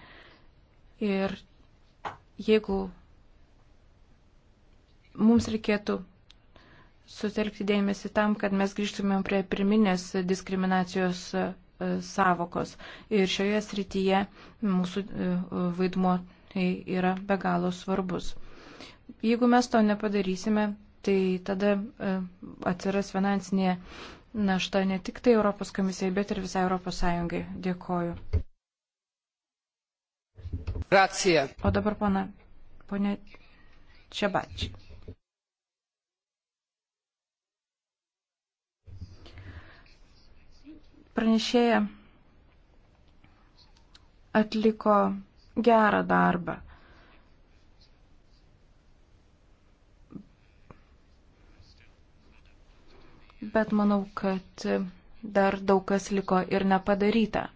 Ir jeigu mums reikėtų sutelkti dėmesį tam, kad mes grįžtumėm prie pirminės diskriminacijos e, savokos. Ir šioje srityje mūsų e, vaidmuo tai yra be galo svarbus. Jeigu mes to nepadarysime, tai tada e, atsiras finansinė našta ne tik tai Europos komisijai, bet ir visai Europos Sąjungai. Dėkoju. Gracija. O dabar pana, ponė Čebačiai. Pranešėja atliko gerą darbą. Bet manau, kad dar daug kas liko ir nepadaryta.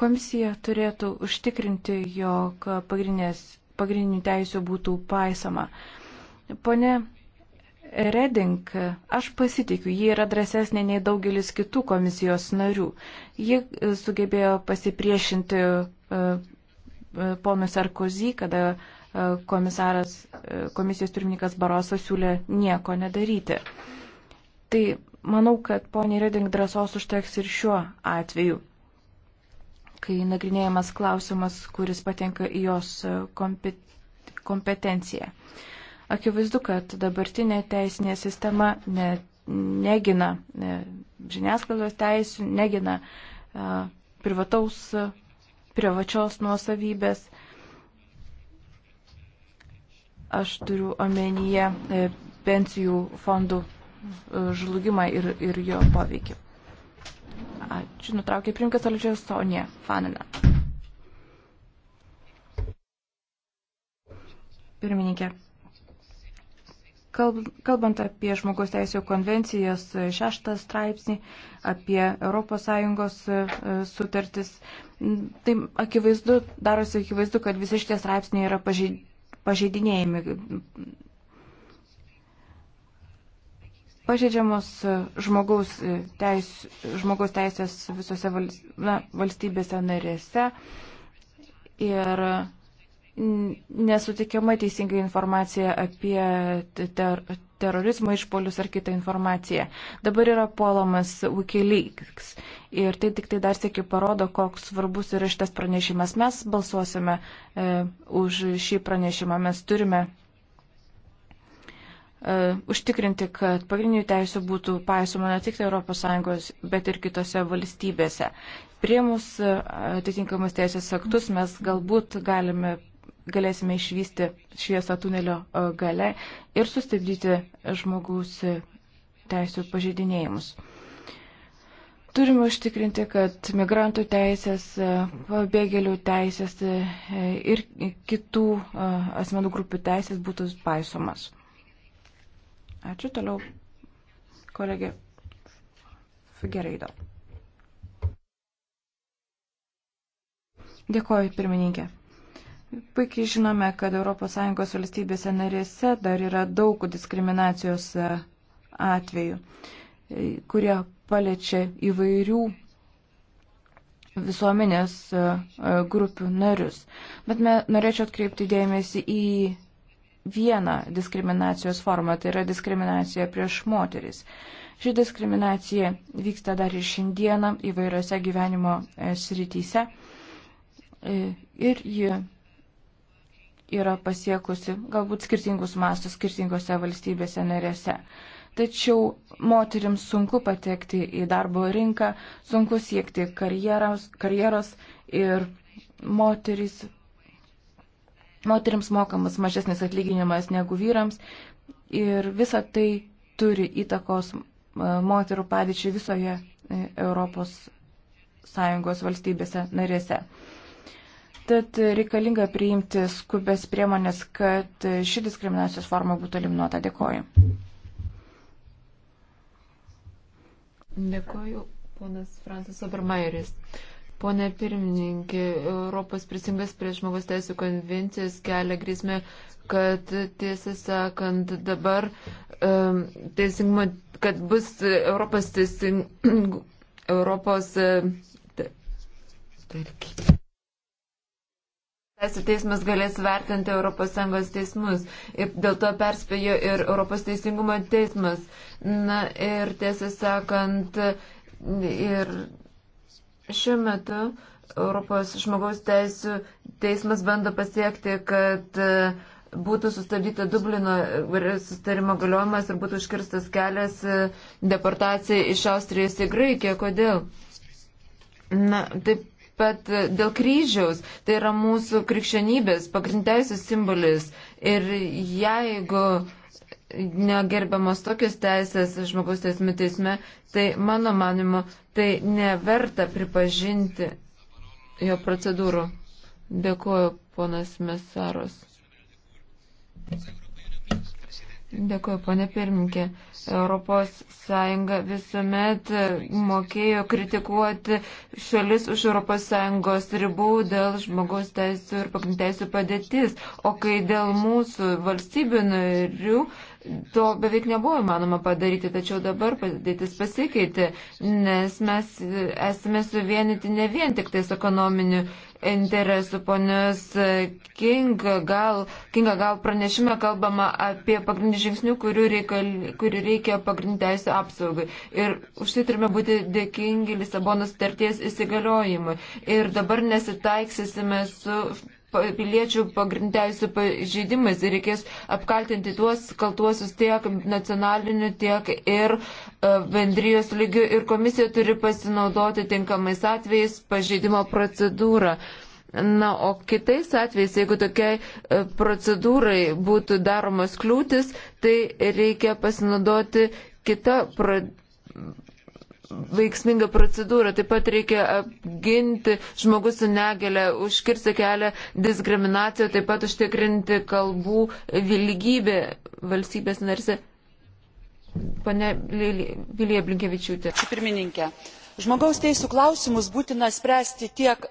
Komisija turėtų užtikrinti, jog pagrindinių teisų būtų paisoma. Pone Reding, aš pasitikiu, ji yra drąsesnė nei daugelis kitų komisijos narių. Ji e, sugebėjo pasipriešinti e, e, ponui Sarkozy, kada komisaras, komisijos pirmininkas Baroso siūlė nieko nedaryti. Tai manau, kad poniai Reding drąsos užteks ir šiuo atveju kai nagrinėjamas klausimas, kuris patenka į jos e, kompetenciją. Akivaizdu, kad dabartinė teisinė sistema ne, negina ne, žiniasklaidos teisų, negina a, e, privataus, privačios nuosavybės. Aš turiu omenyje e, pensijų fondų žlugimą ir, ir jo poveikį. Ačiū, nutraukė pirmininkas Alžės Sonė Fanina. Pirmininkė, kalbant apie žmogaus teisėjų konvencijos šeštą straipsnį, apie ES e, sutartis, tai akivaizdu, darosi akivaizdu, kad visi šitie straipsniai yra pažeidinėjami pažeidžiamos žmogaus, e, teis, žmogaus teisės visose val, na, valstybėse narėse ir nesutikiama teisinga informacija apie ter, terorizmo išpolius ar kitą informaciją. Dabar yra puolamas Wikileaks ir tai tik tai dar sėki parodo, koks svarbus yra šitas pranešimas. Mes balsuosime e, už šį pranešimą, mes turime E, užtikrinti, kad pagrindinių teisų būtų paisoma ne tik tai ES, bet ir kitose valstybėse. Priemus e, atitinkamus teisės aktus mes galbūt galime, galėsime išvysti šviesą tunelio e, gale ir sustabdyti žmogaus teisų pažeidinėjimus. Turime užtikrinti, kad migrantų teisės, pabėgėlių teisės ir kitų asmenų grupių teisės būtų paisomas. Ačiū toliau, kolegė Figereido. Dėkoju, pirmininkė. Puikiai žinome, kad ES valstybėse narėse dar yra daug diskriminacijos e, atvejų, e, kurie paliečia įvairių visuomenės e, grupių narius. Bet me, norėčiau atkreipti dėmesį į vieną diskriminacijos formą, tai yra diskriminacija prieš moteris. Ši diskriminacija vyksta dar ir šiandieną įvairiose gyvenimo e, srityse e, ir ji yra pasiekusi galbūt skirtingus mastus skirtingose valstybėse narėse. Tačiau moteriams sunku patekti į darbo rinką, sunku siekti karjeros, karjeros ir moteris moteriams mokamas mažesnis atlyginimas negu vyrams ir visa tai turi įtakos moterų padėčiai visoje e, Europos Sąjungos valstybėse narėse. Tad reikalinga priimti skubės priemonės, kad ši diskriminacijos forma būtų eliminuota. Dėkoju. Dėkoju, ponas Francis Obermajeris. Pone pirmininkė, Europos prisingas prie žmogus teisų konvencijas kelia grėsmę, kad tiesą sakant dabar um, teisingumo, kad bus Europos teisingumo, Europos. Tarkite. E, teisų teismas galės vertinti ES teismus ir dėl to perspėjo ir Europos teisingumo teismas. Na ir tiesą sakant, ir Šiuo metu Europos žmogaus teisų teismas bando pasiekti, kad e, būtų sustabdyta Dublino e, sustarimo galiojimas ir būtų užkirstas kelias e, deportacijai iš Austrijos į Graikiją. Kodėl? Na, taip pat dėl kryžiaus. Tai yra mūsų krikščionybės pagrindteisės simbolis. Ir jeigu uh, negerbiamos tokios teisės žmogaus teisme teisme, tai mano manimu, tai neverta pripažinti jo procedūrų. Dėkuoju, ponas Mesaros. Dėkuoju, ponė pirmininkė. Europos Sąjunga visuomet mokėjo kritikuoti šalis už Europos Sąjungos ribų dėl žmogaus teisų ir pagrindteisų padėtis. O kai dėl mūsų valstybių narių To beveik nebuvo įmanoma padaryti, tačiau dabar padėtis pasikeitė, nes mes e, esame suvienyti ne vien tik tais ekonominių interesų. Ponios King gal, Kinga gal pranešime kalbama apie pagrindinių žingsnių, kurių, reikal, kurių reikia pagrindinių teisų apsaugai. Ir už tai turime būti dėkingi Lisabonos starties įsigaliojimui. Ir dabar nesitaiksysime su piliečių pagrindteisų pažeidimais ir reikės apkaltinti tuos kaltuosius tiek nacionaliniu, tiek ir e, bendrijos lygiu ir komisija turi pasinaudoti tinkamais atvejais pažeidimo procedūrą. Na, o kitais atvejais, jeigu tokiai e, procedūrai būtų daromas kliūtis, tai reikia pasinaudoti kitą pro veiksmingą procedūrą. Taip pat reikia apginti žmogus su negale, užkirsti kelią diskriminaciją, taip pat užtikrinti kalbų lygybę valstybės narse. Pane Vilija Blinkevičiūtė. Pirmininkė, žmogaus teisių klausimus būtina spręsti tiek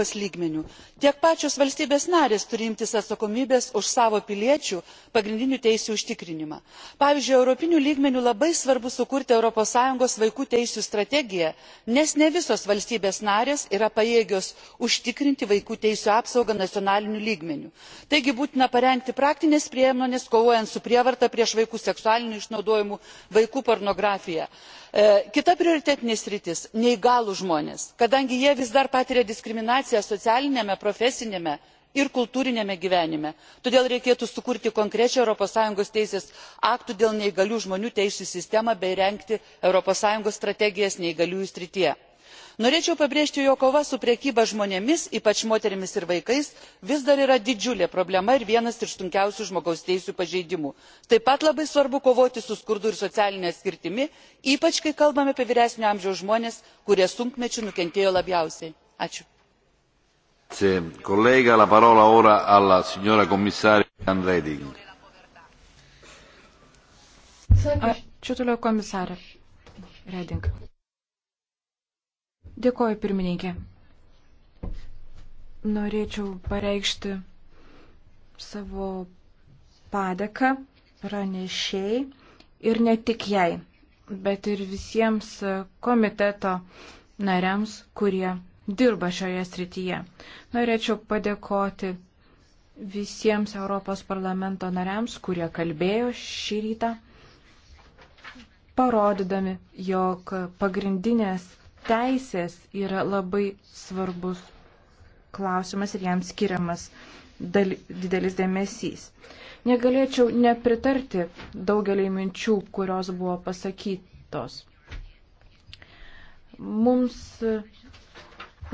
es lygmeniu tiek pačios valstybės narės turi imtis atsakomybės už savo piliečių pagrindinių teisių užtikrinimą. pavyzdžiui europiniu lygmeniu labai svarbu sukurti es vaikų teisių strategiją nes ne visos valstybės narės yra pajėgios užtikrinti vaikų teisių apsaugą nacionaliniu lygmeniu. taigi būtina parengti praktines priemones kovojant su prievarta prieš vaikus seksualiniu išnaudojimu vaikų pornografija. E, kita prioritetinė sritis neįgalūs žmonės kadangi jie vis dar patiria diskriminaciją socialiniame profesiniame ir kultūriniame gyvenime todėl reikėtų sukurti konkrečią europos sąjungos teisės aktų dėl neįgalių žmonių teisių sistemą bei rengti europos sąjungos strategijas neįgaliųjų srityje norėčiau pabrėžti jog kova su prekyba žmonėmis ypač moterimis ir vaikais vis dar yra didžiulė problema ir vienas iš sunkiausių žmogaus teisių pažeidimų. taip pat labai svarbu kovoti su skurdu ir socialine atskirtimi ypač kai kalbame apie vyresnio amžiaus žmones kurie sunkmečiu nukentėjo labiausiai. ačiū toliau komisarė reding Dėkoju, pirmininkė. Norėčiau pareikšti savo padėką pranešėjai ir ne tik jai, bet ir visiems komiteto nariams, kurie dirba šioje srityje. Norėčiau padėkoti visiems Europos parlamento nariams, kurie kalbėjo šį rytą, parodydami, jog pagrindinės teisės yra labai svarbus klausimas ir jam skiriamas dal, didelis dėmesys. Negalėčiau nepritarti daugeliai minčių, kurios buvo pasakytos. Mums,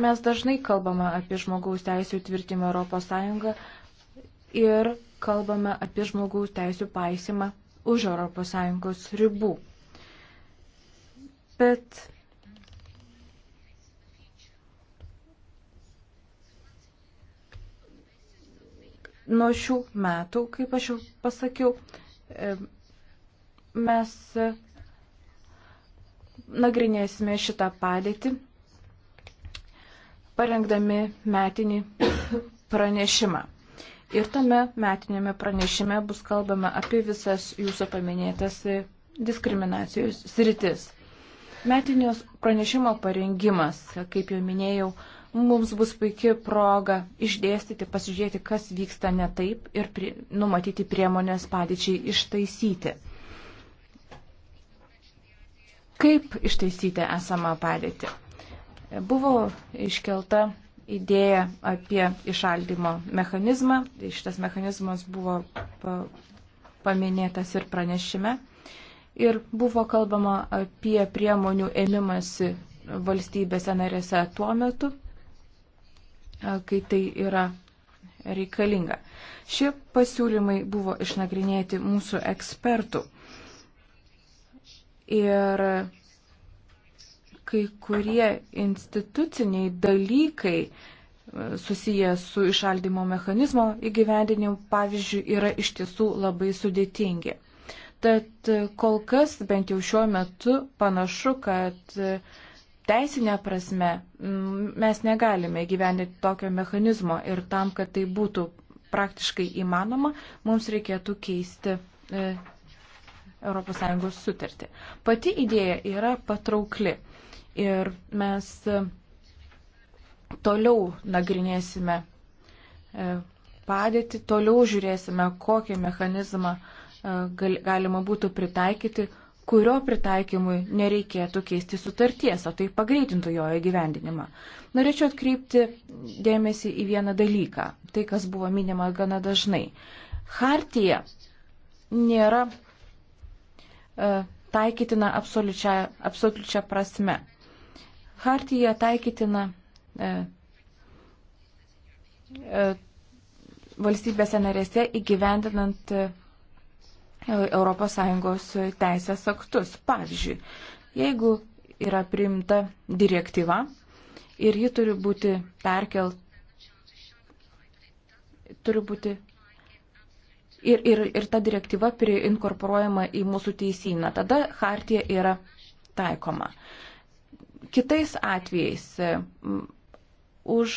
mes dažnai kalbame apie žmogaus teisų tvirtimą ES ir kalbame apie žmogaus teisų paisimą už ES ribų. Bet Nuo šių metų, kaip aš jau pasakiau, e, mes nagrinėsime šitą padėtį, parengdami metinį pranešimą. Ir tame metinėme pranešime bus kalbama apie visas jūsų paminėtas diskriminacijos sritis. Metinės pranešimo parengimas, kaip jau minėjau, mums bus puikia proga išdėstyti, pasižiūrėti, kas vyksta ne taip ir prie, numatyti priemonės padėčiai ištaisyti. Kaip ištaisyti esamą padėtį? Buvo iškelta idėja apie išaldymo mechanizmą. Šitas mechanizmas buvo paminėtas ir pranešime. Ir buvo kalbama apie priemonių ėmimasi valstybėse narėse tuo metu, kai tai yra reikalinga. Šie pasiūlymai buvo išnagrinėti mūsų ekspertų. Ir kai kurie instituciniai dalykai susiję su išaldymo mechanizmo įgyvendinimu, pavyzdžiui, yra iš tiesų labai sudėtingi. Tad kol kas, bent jau šiuo metu, panašu, kad uh, teisinė prasme mes negalime gyventi tokio mechanizmo ir tam, kad tai būtų praktiškai įmanoma, mums reikėtų keisti e, ES sutartį. Pati idėja yra patraukli ir mes e, toliau nagrinėsime e, padėtį, toliau žiūrėsime, kokį mechanizmą galima būtų pritaikyti, kurio pritaikymui nereikėtų keisti sutarties, o tai pagreitintų jo įgyvendinimą. Norėčiau atkreipti dėmesį į vieną dalyką, tai kas buvo minima gana dažnai. Hartija nėra e, taikytina absoliučia, absoliučia prasme. Hartija taikytina e, e, valstybėse narėse įgyvendinant e, ES teisės aktus. Pavyzdžiui, jeigu yra priimta direktyva ir ji turi būti perkelt, turi būti ir, ir, ir ta direktyva inkorporuojama į mūsų teisyną, tada hartija yra taikoma. Kitais atvejais už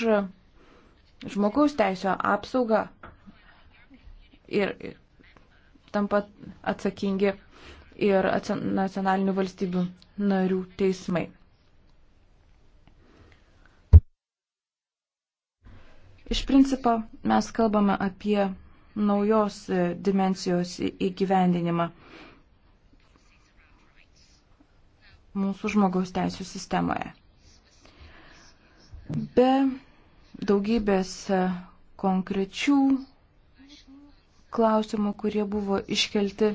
žmogaus teisio apsaugą ir tampa atsakingi ir nacionalinių valstybių narių teismai. Iš principo mes kalbame apie naujos e, dimensijos įgyvendinimą mūsų žmogaus teisų sistemoje. Be daugybės e, konkrečių klausimų, kurie buvo iškelti.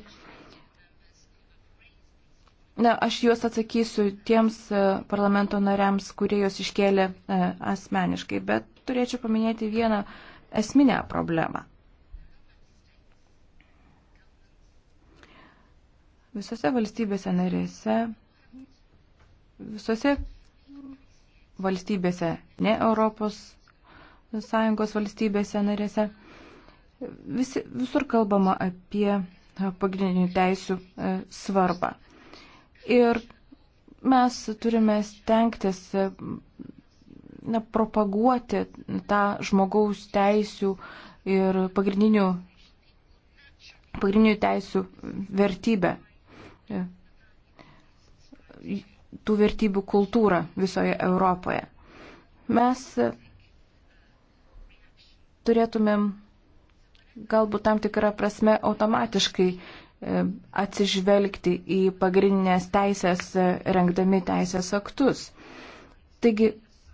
Na, aš juos atsakysiu tiems e, parlamento nariams, kurie juos iškėlė e, asmeniškai, bet turėčiau paminėti vieną esminę problemą. Visose valstybėse narėse, visose valstybėse, ne Europos Sąjungos valstybėse narėse, Vis, visur kalbama apie e, pagrindinių teisių e, svarbą. Ir mes turime stengtis e, na, propaguoti tą žmogaus teisių ir pagrindinių, pagrindinių teisių vertybę, tų vertybių kultūrą visoje Europoje. Mes turėtumėm galbūt tam tikrą prasme automatiškai e, atsižvelgti į pagrindinės teisės, e, rengdami teisės aktus. Taigi,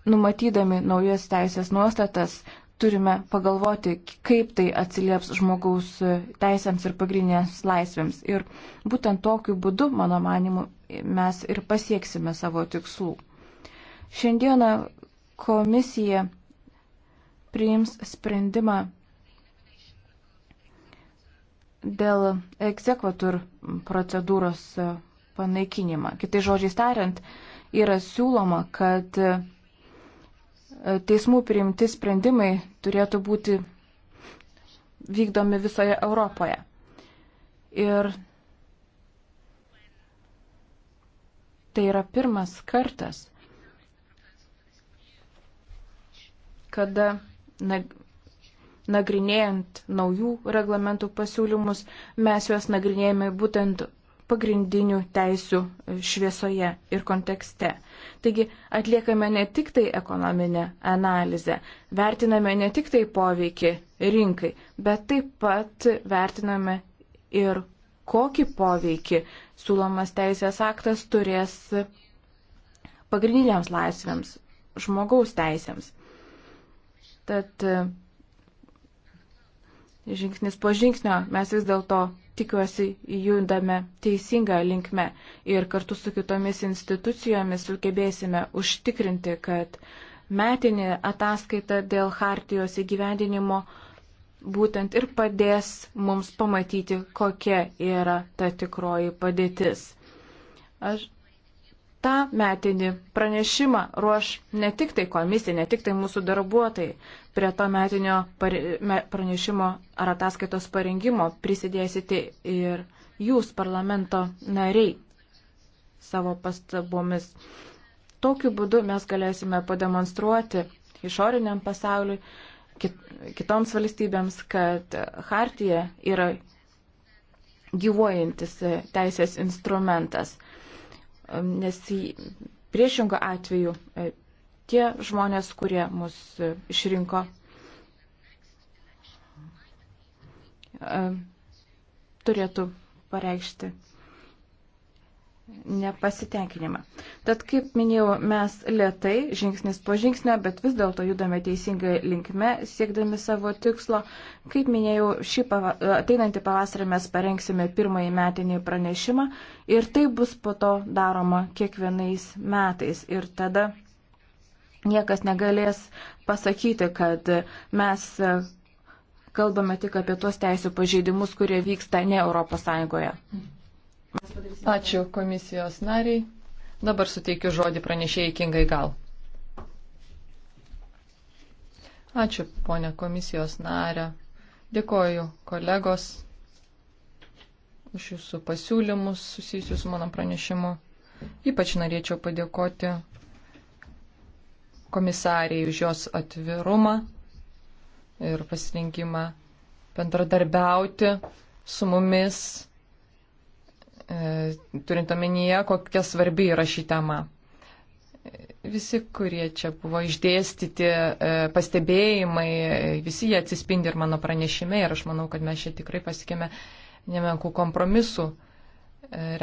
numatydami naujas teisės nuostatas, turime pagalvoti, kaip tai atsilieps žmogaus e, teisėms ir pagrindinės laisvėms. Ir būtent tokiu būdu, mano manimu, mes ir pasieksime savo tikslų. Šiandieną komisija priims sprendimą dėl egzekvatur procedūros e, panaikinimą. Kitai žodžiai tariant, yra siūloma, kad e, teismų priimti sprendimai turėtų būti vykdomi visoje Europoje. Ir tai yra pirmas kartas, kada na, nagrinėjant naujų reglamentų pasiūlymus, mes juos nagrinėjame būtent pagrindinių teisių šviesoje ir kontekste. Taigi atliekame ne tik tai ekonominę analizę, vertiname ne tik tai poveikį rinkai, bet taip pat vertiname ir kokį poveikį siūlomas teisės aktas turės pagrindiniams laisvėms, žmogaus teisėms. Tad žingsnis po žingsnio mes vis dėlto tikiuosi judame teisinga linkme ir kartu su kitomis institucijomis sugebėsime užtikrinti, kad metinė ataskaita dėl hartijos įgyvendinimo būtent ir padės mums pamatyti, kokia yra ta tikroji padėtis. Aš tą metinį pranešimą ruoš ne tik tai komisija, ne tik tai mūsų darbuotojai. Prie to metinio pranešimo ar ataskaitos parengimo prisidėsite ir jūs, parlamento nariai, savo pastabomis. Tokiu būdu mes galėsime pademonstruoti išoriniam pasauliui, kit, kitoms valstybėms, kad hartija yra gyvuojantis teisės instrumentas nes priešingo atveju e, tie žmonės, kurie mus e, išrinko, e, turėtų pareikšti nepasitenkinimą. Tad, kaip minėjau, mes lietai, žingsnis po žingsnio, bet vis dėlto judame teisingai linkme, siekdami savo tikslo. Kaip minėjau, šį pava ateinantį pavasarį mes parengsime pirmąjį metinį pranešimą ir tai bus po to daroma kiekvienais metais. Ir tada niekas negalės pasakyti, kad mes kalbame tik apie tuos teisų pažeidimus, kurie vyksta ne Europos Sąjungoje. Ačiū komisijos nariai. Dabar suteikiu žodį pranešėjai Kingai Gal. Ačiū, ponė komisijos narė. Dėkoju kolegos už jūsų pasiūlymus susijusius su mano pranešimu. Ypač norėčiau padėkoti komisariai už jos atvirumą ir pasirinkimą bendradarbiauti su mumis E, turint omenyje, kokia svarbi yra ši tema. Visi, kurie čia buvo išdėstyti e, pastebėjimai, visi jie atsispindi ir mano pranešime ir aš manau, kad mes čia tikrai pasikėme nemenkų kompromisų e,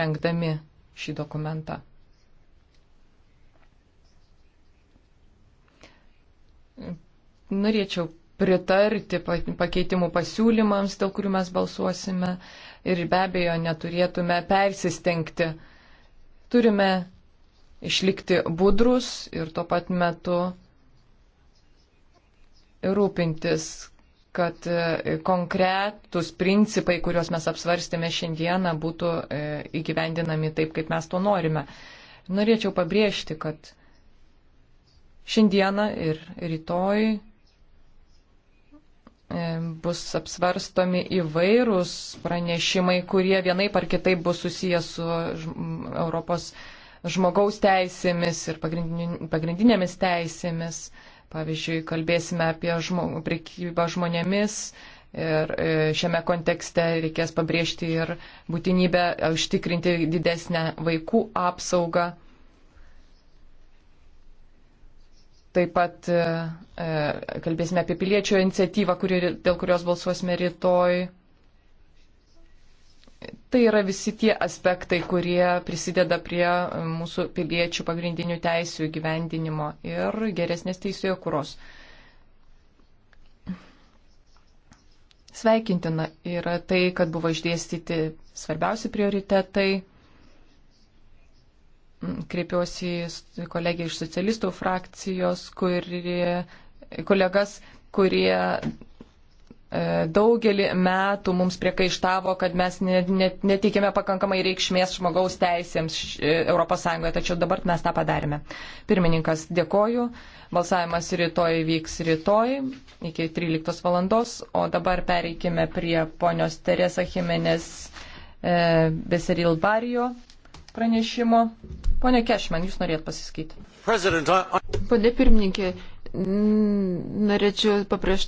rengdami šį dokumentą. Norėčiau pritarti pakeitimų pasiūlymams, dėl kurių mes balsuosime ir be abejo neturėtume persistengti. Turime išlikti budrus ir tuo pat metu rūpintis, kad e, konkretus principai, kuriuos mes apsvarstėme šiandieną, būtų e, įgyvendinami taip, kaip mes to norime. Norėčiau pabrėžti, kad šiandieną ir rytoj E, bus apsvarstomi įvairūs pranešimai, kurie vienai par kitaip bus susijęs su Europos žmogaus teisėmis ir pagrindinėmis teisėmis. Pavyzdžiui, kalbėsime apie žmog, prekybą žmonėmis ir e, šiame kontekste reikės pabrėžti ir būtinybę užtikrinti didesnę vaikų apsaugą. Taip pat e, e, kalbėsime apie piliečio iniciatyvą, kuri, dėl kurios balsuosime rytoj. Tai yra visi tie aspektai, kurie prisideda prie e, mūsų piliečių pagrindinių teisų įgyvendinimo ir geresnės teisėjo kuros. Sveikintina yra tai, kad buvo išdėstyti svarbiausi prioritetai kreipiuosi į kolegiją iš socialistų frakcijos, kurie, kolegas, kurie e, daugelį metų mums priekaištavo, kad mes netikėme pakankamai reikšmės žmogaus teisėms ES, tačiau dabar mes tą padarėme. Pirmininkas, dėkoju. Balsavimas rytoj vyks rytoj iki 13 valandos, o dabar pereikime prie ponios Teresa Jimenez e, Beseril Barijo pranešimo. Pone Kešman, jūs norėt pasiskaityti. Pone pirmininkė, norėčiau paprašyti.